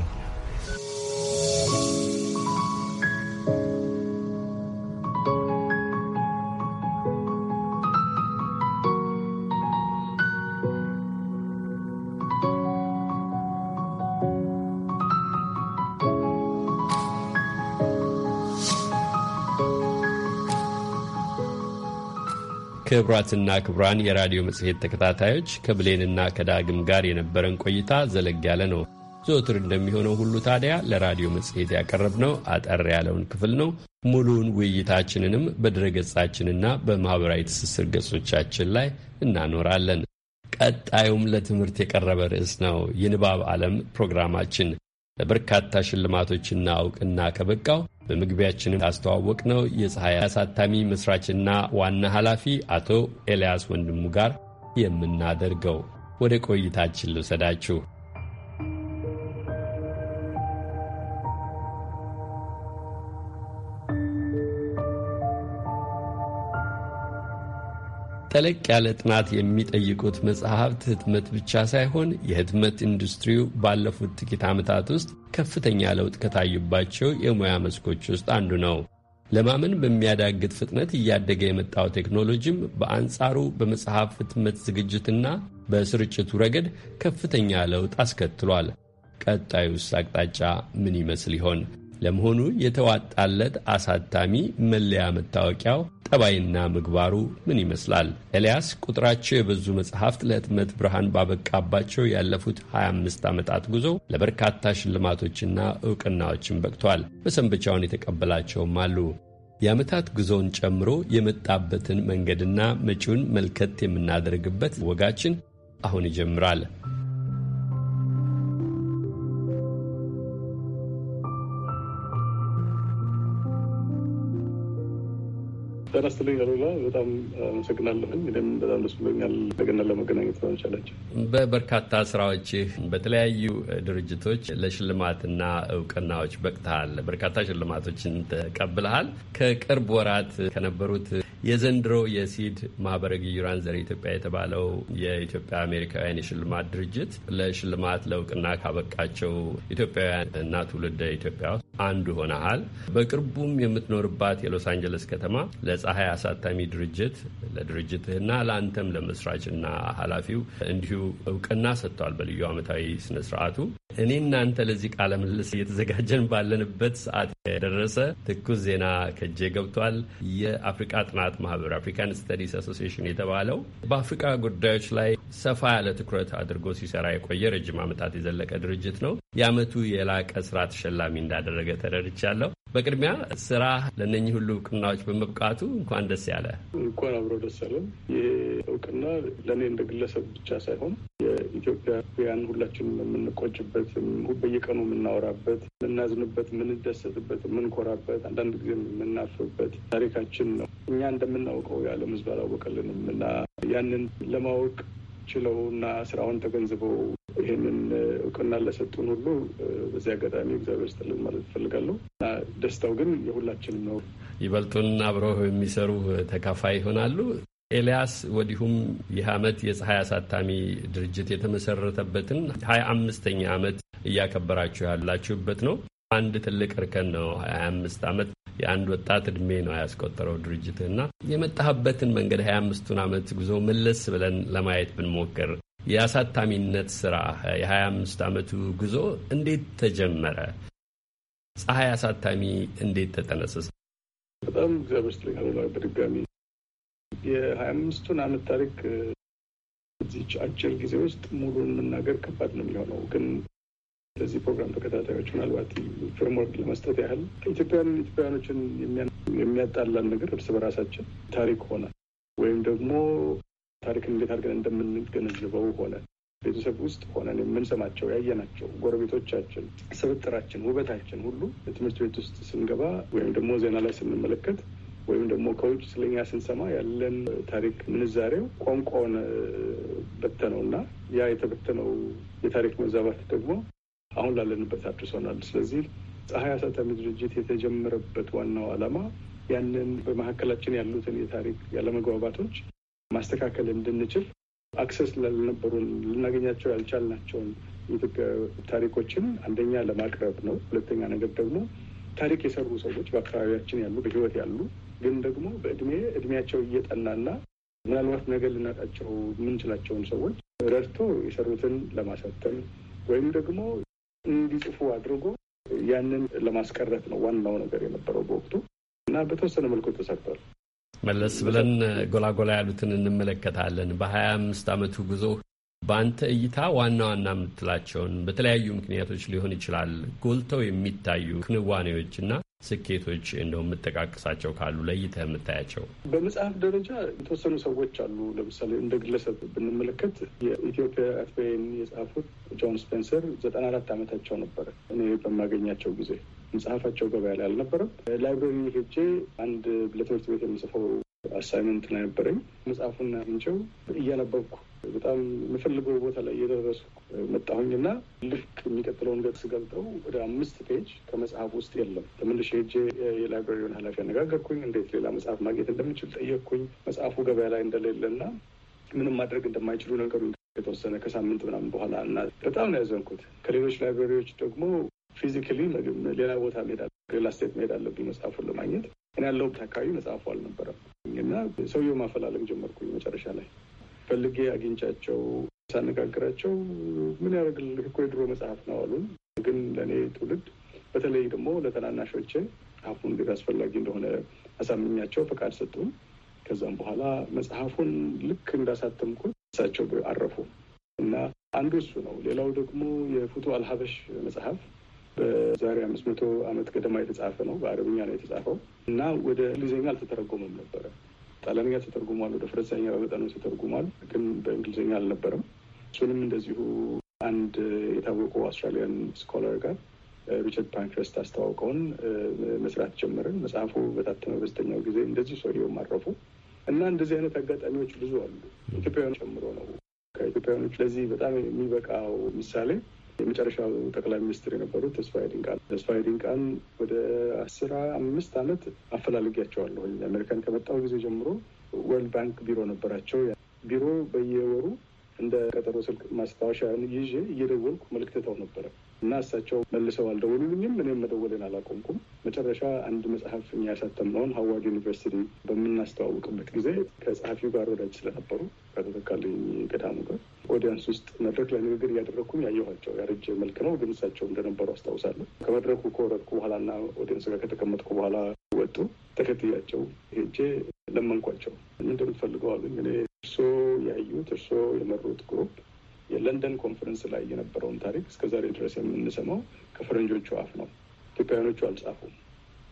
ክቡራትና ክቡራን የራዲዮ መጽሔት ተከታታዮች ከብሌንና ከዳግም ጋር የነበረን ቆይታ ዘለግ ያለ ነው። ዘወትር እንደሚሆነው ሁሉ ታዲያ ለራዲዮ መጽሔት ያቀረብነው አጠር ያለውን ክፍል ነው። ሙሉውን ውይይታችንንም በድረገጻችንና በማኅበራዊ ትስስር ገጾቻችን ላይ እናኖራለን። ቀጣዩም ለትምህርት የቀረበ ርዕስ ነው። የንባብ ዓለም ፕሮግራማችን ለበርካታ ሽልማቶችና እውቅና ከበቃው በመግቢያችን አስተዋወቅ ነው የፀሐይ አሳታሚ መስራችና ዋና ኃላፊ አቶ ኤልያስ ወንድሙ ጋር የምናደርገው ወደ ቆይታችን ልውሰዳችሁ። ጠለቅ ያለ ጥናት የሚጠይቁት መጽሐፍት ህትመት ብቻ ሳይሆን የህትመት ኢንዱስትሪው ባለፉት ጥቂት ዓመታት ውስጥ ከፍተኛ ለውጥ ከታዩባቸው የሙያ መስኮች ውስጥ አንዱ ነው። ለማመን በሚያዳግት ፍጥነት እያደገ የመጣው ቴክኖሎጂም በአንጻሩ በመጽሐፍ ህትመት ዝግጅትና በስርጭቱ ረገድ ከፍተኛ ለውጥ አስከትሏል። ቀጣዩስ አቅጣጫ ምን ይመስል ይሆን? ለመሆኑ የተዋጣለት አሳታሚ መለያ መታወቂያው ጠባይና ምግባሩ ምን ይመስላል? ኤልያስ ቁጥራቸው የበዙ መጽሐፍት ለህትመት ብርሃን ባበቃባቸው ያለፉት 25 ዓመታት ጉዞ ለበርካታ ሽልማቶችና ዕውቅናዎችን በቅቷል። በሰንበቻውን የተቀበላቸውም አሉ። የዓመታት ጉዞውን ጨምሮ የመጣበትን መንገድና መጪውን መልከት የምናደርግበት ወጋችን አሁን ይጀምራል። ጤና ይስጥልኝ አሉላ፣ በጣም አመሰግናለሁኝ። እኔም በጣም ደስ ብሎኛል እንደገና ለመገናኘት በመቻላችን። በበርካታ ስራዎችህ በተለያዩ ድርጅቶች ለሽልማትና እውቅናዎች በቅተሃል። በርካታ ሽልማቶችን ተቀብልሃል። ከቅርብ ወራት ከነበሩት የዘንድሮ የሲድ ማህበረ ግዩራን ዘር ኢትዮጵያ የተባለው የኢትዮጵያ አሜሪካውያን የሽልማት ድርጅት ለሽልማት ለእውቅና ካበቃቸው ኢትዮጵያውያን እና ትውልደ ኢትዮጵያ አንዱ ሆነሃል። በቅርቡም የምትኖርባት የሎስ አንጀለስ ከተማ የፀሐይ አሳታሚ ድርጅት ለድርጅትህና ለአንተም ለመስራችና ኃላፊው እንዲሁ እውቅና ሰጥቷል በልዩ ዓመታዊ ስነስርዓቱ። እኔ እናንተ ለዚህ ቃለ ምልልስ እየተዘጋጀን ባለንበት ሰዓት የደረሰ ትኩስ ዜና ከጄ ገብቷል። የአፍሪቃ ጥናት ማህበር አፍሪካን ስተዲስ አሶሲሽን የተባለው በአፍሪቃ ጉዳዮች ላይ ሰፋ ያለ ትኩረት አድርጎ ሲሰራ የቆየ ረጅም ዓመታት የዘለቀ ድርጅት ነው። የዓመቱ የላቀ ስራ ተሸላሚ እንዳደረገ ተረድቻለሁ። በቅድሚያ ስራ ለእነኚህ ሁሉ እውቅናዎች በመብቃቱ እንኳን ደስ ያለ። እንኳን አብሮ ደስ ያለን። ይህ እውቅና ለእኔ እንደ ግለሰብ ብቻ ሳይሆን የኢትዮጵያውያን ሁላችንም የምንቆጭበት፣ በየቀኑ የምናወራበት፣ የምናዝንበት፣ የምንደሰትበት፣ የምንኮራበት፣ አንዳንድ ጊዜ የምናፍርበት ታሪካችን ነው። እኛ እንደምናውቀው የዓለም ሕዝብ አላወቀልንም እና ያንን ለማወቅ ችለው እና ስራውን ተገንዝበው ይህንን እውቅና ለሰጡን ሁሉ በዚህ አጋጣሚ እግዚአብሔር ስጥልን ማለት እፈልጋለሁ እና ደስታው ግን የሁላችንም ነው። ይበልጡን አብረው የሚሰሩ ተካፋይ ይሆናሉ። ኤልያስ ወዲሁም ይህ አመት የፀሐይ አሳታሚ ድርጅት የተመሰረተበትን ሀያ አምስተኛ አመት እያከበራችሁ ያላችሁበት ነው። አንድ ትልቅ እርከን ነው። ሀያ አምስት ዓመት የአንድ ወጣት እድሜ ነው ያስቆጠረው ድርጅትህና የመጣህበትን መንገድ ሀያ አምስቱን ዓመት ጉዞ መለስ ብለን ለማየት ብንሞክር የአሳታሚነት ስራ የሀያ አምስት ዓመቱ ጉዞ እንዴት ተጀመረ? ፀሐይ አሳታሚ እንዴት ተጠነሰሰ? በጣም እግዚአብሔር ይስጥልኝ በድጋሚ የሀያ አምስቱን ዓመት ታሪክ እዚች አጭር ጊዜ ውስጥ ሙሉን መናገር ከባድ ነው የሚሆነው ግን ለዚህ ፕሮግራም ተከታታዮች ምናልባት ፍሬምወርክ ለመስጠት ያህል ኢትዮጵያን ኢትዮጵያውያኖችን የሚያጣላን ነገር እርስ በራሳችን ታሪክ ሆነ ወይም ደግሞ ታሪክን እንዴት አድርገን እንደምንገነዘበው ሆነ ቤተሰብ ውስጥ ሆነን የምንሰማቸው ያየናቸው ጎረቤቶቻችን፣ ስብጥራችን፣ ውበታችን ሁሉ ትምህርት ቤት ውስጥ ስንገባ ወይም ደግሞ ዜና ላይ ስንመለከት ወይም ደግሞ ከውጭ ስለኛ ስንሰማ ያለን ታሪክ ምንዛሬው ቋንቋውን በተነው እና ያ የተበተነው የታሪክ መዛባት ደግሞ አሁን ላለንበት አድርሶናል። ስለዚህ ፀሐይ አሳታሚ ድርጅት የተጀመረበት ዋናው ዓላማ ያንን በመካከላችን ያሉትን የታሪክ ያለመግባባቶች ማስተካከል እንድንችል አክሰስ ላልነበሩን ልናገኛቸው ያልቻልናቸውን የኢትዮጵያ ታሪኮችን አንደኛ ለማቅረብ ነው። ሁለተኛ ነገር ደግሞ ታሪክ የሰሩ ሰዎች በአካባቢያችን ያሉ በህይወት ያሉ ግን ደግሞ በእድሜ እድሜያቸው እየጠናና ምናልባት ነገ ልናጣቸው የምንችላቸውን ሰዎች ረድቶ የሰሩትን ለማሳተም ወይም ደግሞ እንዲጽፉ አድርጎ ያንን ለማስቀረት ነው ዋናው ነገር የነበረው በወቅቱ እና በተወሰነ መልኩ ተሰርቷል። መለስ ብለን ጎላጎላ ያሉትን እንመለከታለን። በሀያ አምስት ዓመቱ ጉዞ በአንተ እይታ ዋና ዋና የምትላቸውን በተለያዩ ምክንያቶች ሊሆን ይችላል ጎልተው የሚታዩ ክንዋኔዎች እና ስኬቶች እንደው የምጠቃቅሳቸው ካሉ ለይተህ የምታያቸው? በመጽሐፍ ደረጃ የተወሰኑ ሰዎች አሉ። ለምሳሌ እንደ ግለሰብ ብንመለከት የኢትዮጵያ ኤፍኤን የጻፉት ጆን ስፔንሰር ዘጠና አራት ዓመታቸው ነበረ። እኔ በማገኛቸው ጊዜ መጽሐፋቸው ገበያ ላይ አልነበረም። ላይብረሪ ሄጄ አንድ ለትምህርት ቤት የምጽፈው አሳይመንት ነበረኝ። መጽሐፉን አግኝቼው እያነበብኩ በጣም የምፈልገው ቦታ ላይ የደረሱ መጣሁኝና ልክ የሚቀጥለውን ገጽ ገልጠው ወደ አምስት ፔጅ ከመጽሐፍ ውስጥ የለም። ተመልሼ ሄጄ የላይብራሪውን ኃላፊ አነጋገርኩኝ። እንዴት ሌላ መጽሐፍ ማግኘት እንደምችል ጠየቅኩኝ። መጽሐፉ ገበያ ላይ እንደሌለና ምንም ማድረግ እንደማይችሉ ነገሩ የተወሰነ ከሳምንት ምናምን በኋላ እና በጣም ነው ያዘንኩት። ከሌሎች ላይብራሪዎች ደግሞ ፊዚካሊ ሌላ ቦታ መሄድ ሌላ ስቴት መሄድ አለብኝ መጽሐፉን ለማግኘት። እኔ ያለሁበት አካባቢ መጽሐፉ አልነበረም እና ሰውየው ማፈላለግ ጀመርኩኝ መጨረሻ ላይ ፈልጌ አግኝቻቸው ሳነጋግራቸው ምን ያደርግል እኮ የድሮ መጽሐፍ ነው አሉን። ግን ለእኔ ትውልድ በተለይ ደግሞ ለተናናሾች መጽሐፉን እንዴት አስፈላጊ እንደሆነ አሳምኛቸው ፈቃድ ሰጡ። ከዛም በኋላ መጽሐፉን ልክ እንዳሳተምኩት እሳቸው አረፉ እና አንዱ እሱ ነው። ሌላው ደግሞ የፉቱ አልሀበሽ መጽሐፍ በዛሬ አምስት መቶ ዓመት ገደማ የተጻፈ ነው። በአረብኛ ነው የተጻፈው እና ወደ እንግሊዝኛ አልተተረጎመም ነበረ ጣሊያንኛ ተተርጉሟል፣ ወደ ፈረንሳይኛ በመጠኑ ተተርጉሟል፣ ግን በእንግሊዝኛ አልነበረም። እሱንም እንደዚሁ አንድ የታወቁ አውስትራሊያን ስኮለር ጋር ሪቸርድ ፓንክረስት አስተዋውቀውን መስራት ጀመርን። መጽሐፉ በታተመ በስተኛው ጊዜ እንደዚሁ ሰውየውም አረፉ እና እንደዚህ አይነት አጋጣሚዎች ብዙ አሉ። ኢትዮጵያውያን ጨምሮ ነው። ከኢትዮጵያውያኖች ለዚህ በጣም የሚበቃው ምሳሌ የመጨረሻው ጠቅላይ ሚኒስትር የነበሩት ተስፋዬ ድንቃን ተስፋዬ ድንቃን ወደ አስር አምስት አመት አፈላልጊያቸዋለሁ። አሜሪካን ከመጣው ጊዜ ጀምሮ ወርልድ ባንክ ቢሮ ነበራቸው። ቢሮ በየወሩ እንደ ቀጠሮ ስልክ ማስታወሻ ይዤ እየደወልኩ መልእክት ነበረ እና እሳቸው መልሰው አልደወሉልኝም። እኔም መደወልን አላቆምኩም። መጨረሻ አንድ መጽሐፍ እኛ ያሳተምነውን ሀዋርድ ዩኒቨርሲቲ በምናስተዋውቅበት ጊዜ ከጸሐፊው ጋር ወዳጅ ስለነበሩ ከተተካልኝ ገዳሙ ጋር ኦዲያንስ ውስጥ መድረክ ላይ ንግግር እያደረግኩኝ ያየኋቸው ያረጀ መልክ ነው፣ ግን እሳቸው እንደነበሩ አስታውሳለሁ። ከመድረኩ ከወረድኩ በኋላ በኋላና ኦዲያንስ ጋር ከተቀመጥኩ በኋላ ወጡ። ተከትያቸው ሄጄ ለመንኳቸው። ምንድን ፈልገዋል? እኔ እርሶ ያዩት እርሶ የመሩት ግሩፕ የለንደን ኮንፈረንስ ላይ የነበረውን ታሪክ እስከዛሬ ድረስ የምንሰማው ከፈረንጆቹ አፍ ነው። ኢትዮጵያውያኖቹ አልጻፉም።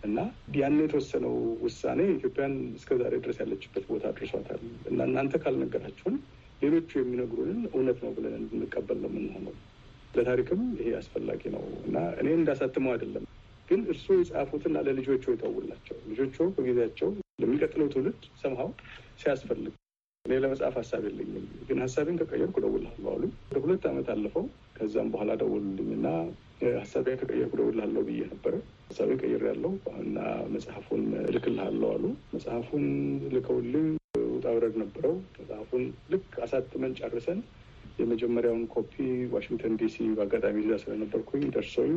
እና ያን የተወሰነው ውሳኔ ኢትዮጵያን እስከዛሬ ድረስ ያለችበት ቦታ አድርሷታል። እና እናንተ ካልነገራችሁን ሌሎቹ የሚነግሩንን እውነት ነው ብለን እንድንቀበል ነው የምንሆነው። ለታሪክም ይሄ አስፈላጊ ነው እና እኔ እንዳሳትመው አይደለም ግን እርሱ የጻፉትና ለልጆቹ የተውላቸው ልጆቹ በጊዜያቸው ለሚቀጥለው ትውልድ ሰምሀው ሲያስፈልግ ሌላ መጽሐፍ ሀሳብ የለኝም፣ ግን ሀሳቤን ከቀየርኩ እደውልልሃለሁ አሉ። ሁለት ዓመት አለፈው። ከዛም በኋላ ደወሉልኝና ሀሳቤ ከቀየርኩ እደውልልሃለሁ ብዬ ነበረ። ሀሳቤ ቀይሬያለሁ እና መጽሐፉን እልክልሃለሁ አሉ። መጽሐፉን ልከውልኝ ውጣ ውረድ ነበረው። መጽሐፉን ልክ አሳትመን ጨርሰን የመጀመሪያውን ኮፒ ዋሽንግተን ዲሲ በአጋጣሚ እዛ ስለነበርኩኝ ደርሶኝ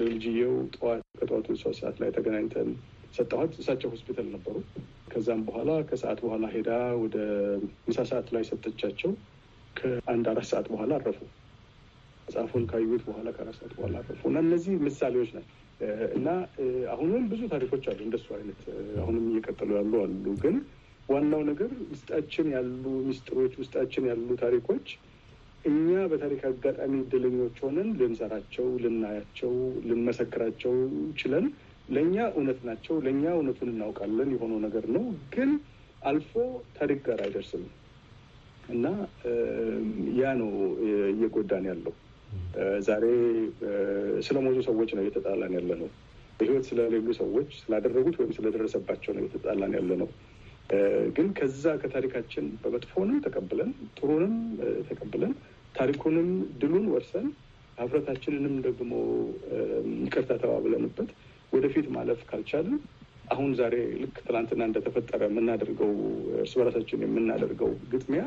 ለልጅየው ጠዋት ከጠዋቱ ሶስት ሰዓት ላይ ተገናኝተን ሰጠኋት። እሳቸው ሆስፒታል ነበሩ። ከዛም በኋላ ከሰዓት በኋላ ሄዳ ወደ ምሳ ሰዓት ላይ ሰጠቻቸው። ከአንድ አራት ሰዓት በኋላ አረፉ። መጽሐፉን ካዩት በኋላ ከአራት ሰዓት በኋላ አረፉ እና እነዚህ ምሳሌዎች ናቸው እና አሁንም ብዙ ታሪኮች አሉ እንደሱ አይነት አሁንም እየቀጠሉ ያሉ አሉ። ግን ዋናው ነገር ውስጣችን ያሉ ምስጢሮች፣ ውስጣችን ያሉ ታሪኮች እኛ በታሪክ አጋጣሚ እድለኞች ሆነን ልንሰራቸው፣ ልናያቸው፣ ልንመሰክራቸው ችለን ለእኛ እውነት ናቸው። ለእኛ እውነቱን እናውቃለን የሆነው ነገር ነው። ግን አልፎ ታሪክ ጋር አይደርስም እና ያ ነው እየጎዳን ያለው። ዛሬ ስለሞቱ ሰዎች ነው እየተጣላን ያለ ነው። በህይወት ስለሌሉ ሰዎች ስላደረጉት ወይም ስለደረሰባቸው ነው እየተጣላን ያለ ነው። ግን ከዛ ከታሪካችን በመጥፎንም ተቀብለን ጥሩንም ተቀብለን ታሪኩንም ድሉን ወርሰን ሀፍረታችንንም ደግሞ ይቅርታ ተባብለንበት ወደፊት ማለፍ ካልቻሉ አሁን ዛሬ ልክ ትናንትና እንደተፈጠረ የምናደርገው እርስ በራሳችን የምናደርገው ግጥሚያ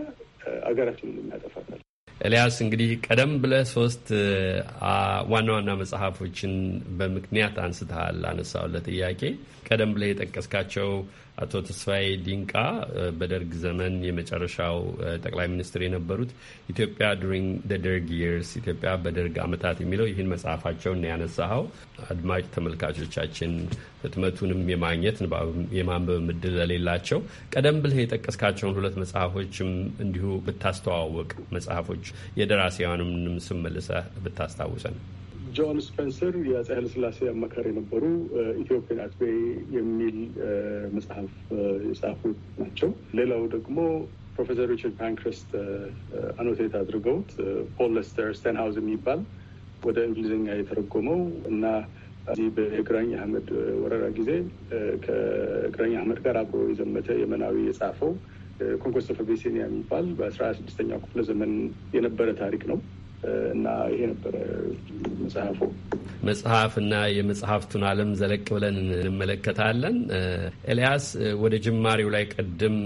አገራችንን የሚያጠፋታል። ኤልያስ እንግዲህ ቀደም ብለህ ሶስት ዋና ዋና መጽሐፎችን በምክንያት አንስተሃል። አነሳውለት ጥያቄ ቀደም ብለህ የጠቀስካቸው አቶ ተስፋዬ ዲንቃ በደርግ ዘመን የመጨረሻው ጠቅላይ ሚኒስትር የነበሩት ኢትዮጵያ ዱሪንግ ደርግ ይርስ ኢትዮጵያ በደርግ ዓመታት የሚለው ይህን መጽሐፋቸውን ያነሳኸው አድማጭ ተመልካቾቻችን ህትመቱንም የማግኘት የማንበብ ምድል ለሌላቸው ቀደም ብለህ የጠቀስካቸውን ሁለት መጽሐፎችም እንዲሁ ብታስተዋወቅ መጽሐፎች የደራሲያኑንም ስም መልሰህ ብታስታውሰን ጆን ስፔንሰር የአፄ ኃይለስላሴ አማካሪ የነበሩ ኢትዮጵያን አት የሚል መጽሐፍ የጻፉ ናቸው። ሌላው ደግሞ ፕሮፌሰር ሪቻርድ ፓንክረስት አኖቴት አድርገውት ፖል ለስተር ስተንሃውዝ የሚባል ወደ እንግሊዝኛ የተረጎመው እና እዚህ በግራኝ አህመድ ወረራ ጊዜ ከግራኝ አህመድ ጋር አብሮ የዘመተ የመናዊ የጻፈው ኮንኮስት ኦፍ አቢሲኒያ የሚባል በአስራ ስድስተኛው ክፍለ ዘመን የነበረ ታሪክ ነው። እና ይሄ ነበረ መጽሐፉ። መጽሐፍና የመጽሐፍቱን ዓለም ዘለቅ ብለን እንመለከታለን። ኤልያስ ወደ ጅማሬው ላይ ቅድም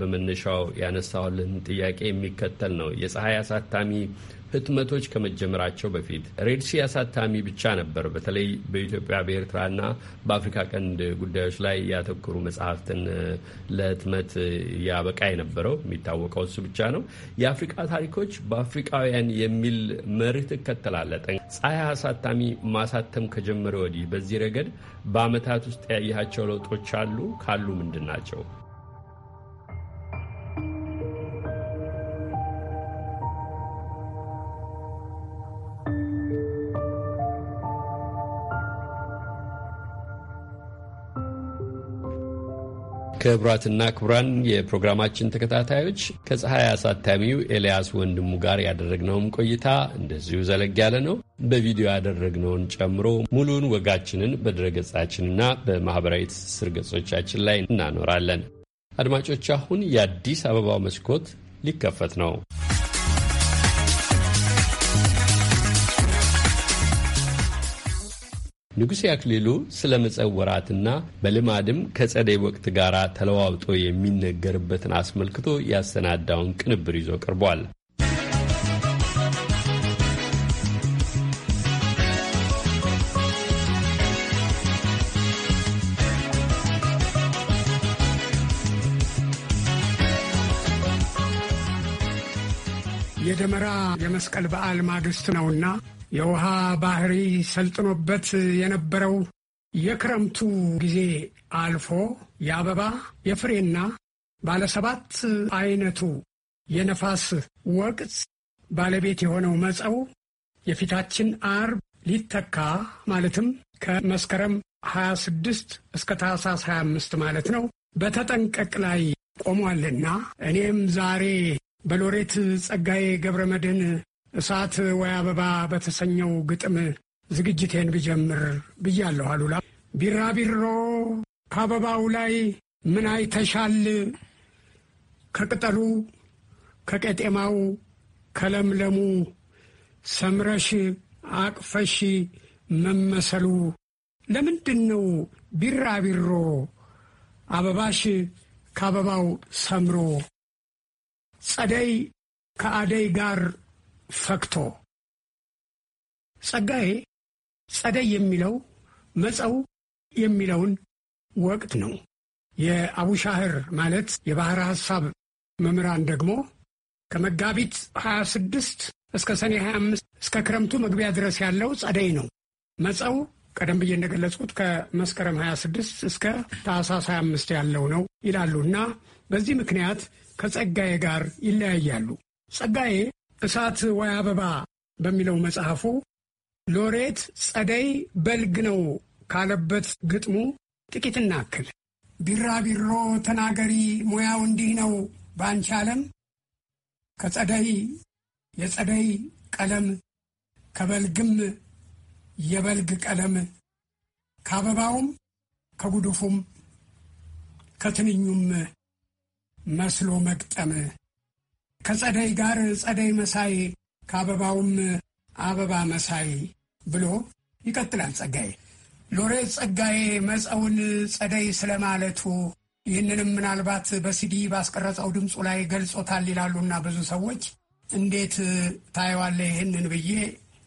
በመነሻው ያነሳውልን ጥያቄ የሚከተል ነው። የፀሐይ አሳታሚ ህትመቶች ከመጀመራቸው በፊት ሬድሲ አሳታሚ ብቻ ነበር በተለይ በኢትዮጵያ በኤርትራና በአፍሪካ ቀንድ ጉዳዮች ላይ ያተኮሩ መጽሐፍትን ለህትመት ያበቃ የነበረው የሚታወቀው እሱ ብቻ ነው። የአፍሪቃ ታሪኮች በአፍሪቃውያን የሚል መርህ ትከተላለጠ ፀሐይ አሳታሚ ማሳተም ከጀመረ ወዲህ በዚህ ረገድ በአመታት ውስጥ ያያቸው ለውጦች አሉ? ካሉ ምንድን ናቸው? ክቡራትና ክቡራን የፕሮግራማችን ተከታታዮች ከፀሐይ አሳታሚው ኤልያስ ወንድሙ ጋር ያደረግነውም ቆይታ እንደዚሁ ዘለግ ያለ ነው። በቪዲዮ ያደረግነውን ጨምሮ ሙሉን ወጋችንን በድረገጻችንና በማኅበራዊ ትስስር ገጾቻችን ላይ እናኖራለን። አድማጮች፣ አሁን የአዲስ አበባው መስኮት ሊከፈት ነው። ንጉሴ አክሊሉ ስለ መጸው ወራትና በልማድም ከጸደይ ወቅት ጋር ተለዋውጦ የሚነገርበትን አስመልክቶ ያሰናዳውን ቅንብር ይዞ ቀርቧል። የደመራ የመስቀል በዓል ማግስት ነውና የውሃ ባህሪ ሰልጥኖበት የነበረው የክረምቱ ጊዜ አልፎ የአበባ የፍሬና ባለሰባት አይነቱ የነፋስ ወቅት ባለቤት የሆነው መጸው የፊታችን አርብ ሊተካ ማለትም ከመስከረም 26 እስከ ታህሳስ 25 ማለት ነው በተጠንቀቅ ላይ ቆሟልና እኔም ዛሬ በሎሬት ጸጋዬ ገብረ መድህን እሳት ወይ አበባ በተሰኘው ግጥም ዝግጅቴን ብጀምር ብያለሁ። አሉላ ቢራቢሮ ከአበባው ላይ ምን አይተሻል? ከቅጠሉ ከቄጤማው ከለምለሙ ሰምረሽ አቅፈሽ መመሰሉ ለምንድን ነው ቢራቢሮ አበባሽ ከአበባው ሰምሮ ጸደይ ከአደይ ጋር ፈክቶ ጸጋዬ ጸደይ የሚለው መጸው የሚለውን ወቅት ነው። የአቡሻህር ማለት የባሕረ ሐሳብ መምህራን ደግሞ ከመጋቢት 26 እስከ ሰኔ 25 እስከ ክረምቱ መግቢያ ድረስ ያለው ጸደይ ነው። መጸው ቀደም ብዬ እንደገለጽኩት ከመስከረም 26 እስከ ታህሳስ 25 ያለው ነው ይላሉ እና በዚህ ምክንያት ከጸጋዬ ጋር ይለያያሉ። ጸጋዬ እሳት ወይ አበባ በሚለው መጽሐፉ ሎሬት ጸደይ በልግ ነው ካለበት ግጥሙ ጥቂት እናክል። ቢራቢሮ ተናገሪ ሙያው እንዲህ ነው በአንቺ ዓለም ከጸደይ የጸደይ ቀለም ከበልግም የበልግ ቀለም ከአበባውም ከጉዱፉም ከትንኙም መስሎ መግጠም ከጸደይ ጋር ጸደይ መሳይ ከአበባውም አበባ መሳይ ብሎ ይቀጥላል። ጸጋዬ ሎሬት ጸጋዬ መፀውን ጸደይ ስለማለቱ ይህንንም ምናልባት በሲዲ ባስቀረጸው ድምፁ ላይ ገልጾታል ይላሉና ብዙ ሰዎች እንዴት ታየዋለ ይህንን ብዬ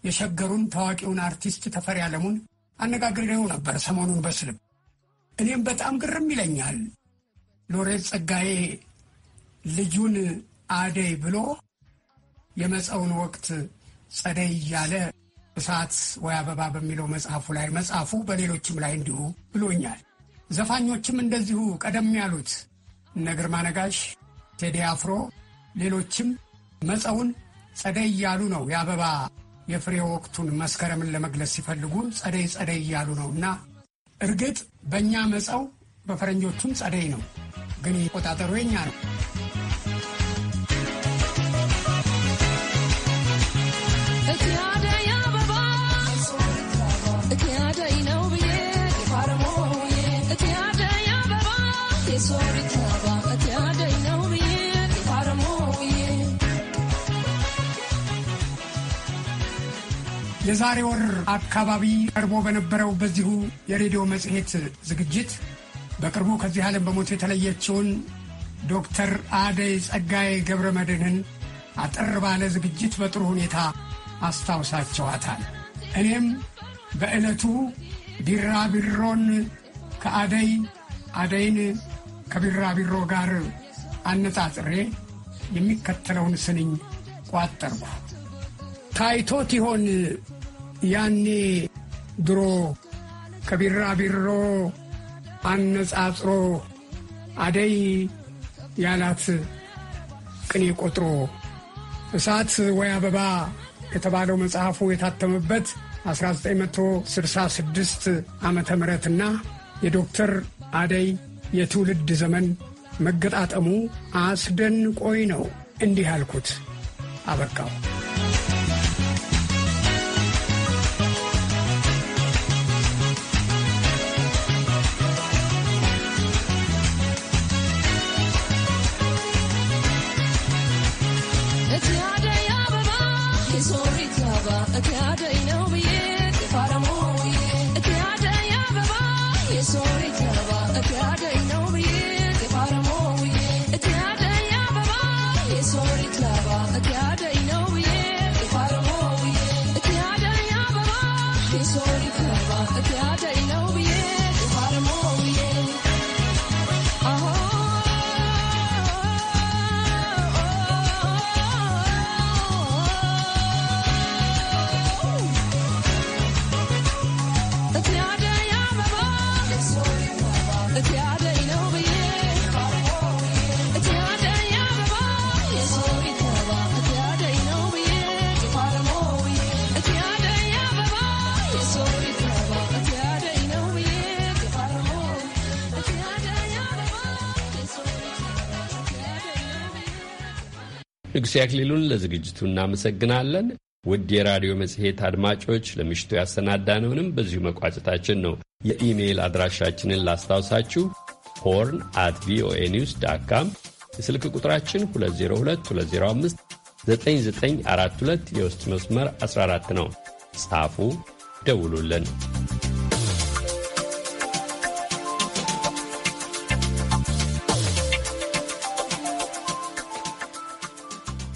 የሸገሩን ታዋቂውን አርቲስት ተፈሪ አለሙን አነጋግሬው ነበር ሰሞኑን በስልም እኔም በጣም ግርም ይለኛል ሎሬት ጸጋዬ ልጁን አደይ ብሎ የመፀውን ወቅት ጸደይ እያለ እሳት ወይ አበባ በሚለው መጽሐፉ ላይ መጽሐፉ በሌሎችም ላይ እንዲሁ ብሎኛል። ዘፋኞችም እንደዚሁ ቀደም ያሉት እነ ግርማ ነጋሽ፣ ቴዲ አፍሮ፣ ሌሎችም መፀውን ጸደይ እያሉ ነው የአበባ የፍሬ ወቅቱን መስከረምን ለመግለጽ ሲፈልጉ ጸደይ ጸደይ እያሉ ነው እና እርግጥ በእኛ መፀው በፈረንጆቹም ጸደይ ነው፣ ግን ቆጣጠሩ የኛ ነው። የዛሬ ወር አካባቢ ቀርቦ በነበረው በዚሁ የሬዲዮ መጽሔት ዝግጅት በቅርቡ ከዚህ ዓለም በሞት የተለየችውን ዶክተር አደይ ጸጋዬ ገብረ መድህንን አጠር ባለ ዝግጅት በጥሩ ሁኔታ አስታውሳቸዋታል። እኔም በዕለቱ ቢራቢሮን ከአደይ አደይን ከቢራቢሮ ጋር አነጻጽሬ የሚከተለውን ስንኝ ቋጠርኩ። ታይቶት ይሆን ያኔ ድሮ ከቢራቢሮ አነጻጽሮ አደይ ያላት ቅኔ ቆጥሮ እሳት ወይ አበባ የተባለው መጽሐፉ የታተመበት 1966 ዓመተ እና የዶክተር አደይ የትውልድ ዘመን መገጣጠሙ አስደንቆይ ነው። እንዲህ አልኩት፣ አበቃው። I got to ንጉሴ አክሊሉን ለዝግጅቱ እናመሰግናለን። ውድ የራዲዮ መጽሔት አድማጮች ለምሽቱ ያሰናዳነውንም በዚሁ መቋጨታችን ነው። የኢሜይል አድራሻችንን ላስታውሳችሁ ሆርን አት ቪኦኤ ኒውስ ዳት ካም፣ የስልክ ቁጥራችን 2022059942 የውስጥ መስመር 14 ነው። ጻፉ፣ ደውሉልን።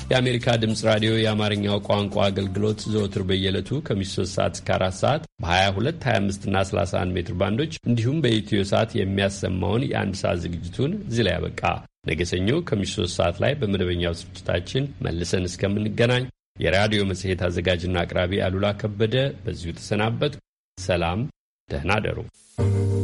የአሜሪካ ድምፅ ራዲዮ የአማርኛው ቋንቋ አገልግሎት ዘወትር በየዕለቱ ከምሽቱ 3 ሰዓት እስከ 4 ሰዓት በ22፣ 25 እና 31 ሜትር ባንዶች እንዲሁም በኢትዮ ሰዓት የሚያሰማውን የአንድ ሰዓት ዝግጅቱን እዚህ ላይ ያበቃ። ነገ ሰኞ ከምሽቱ 3 ሰዓት ላይ በመደበኛው ስርጭታችን መልሰን እስከምንገናኝ የራዲዮ መጽሔት አዘጋጅና አቅራቢ አሉላ ከበደ በዚሁ ተሰናበት። ሰላም፣ ደህና you.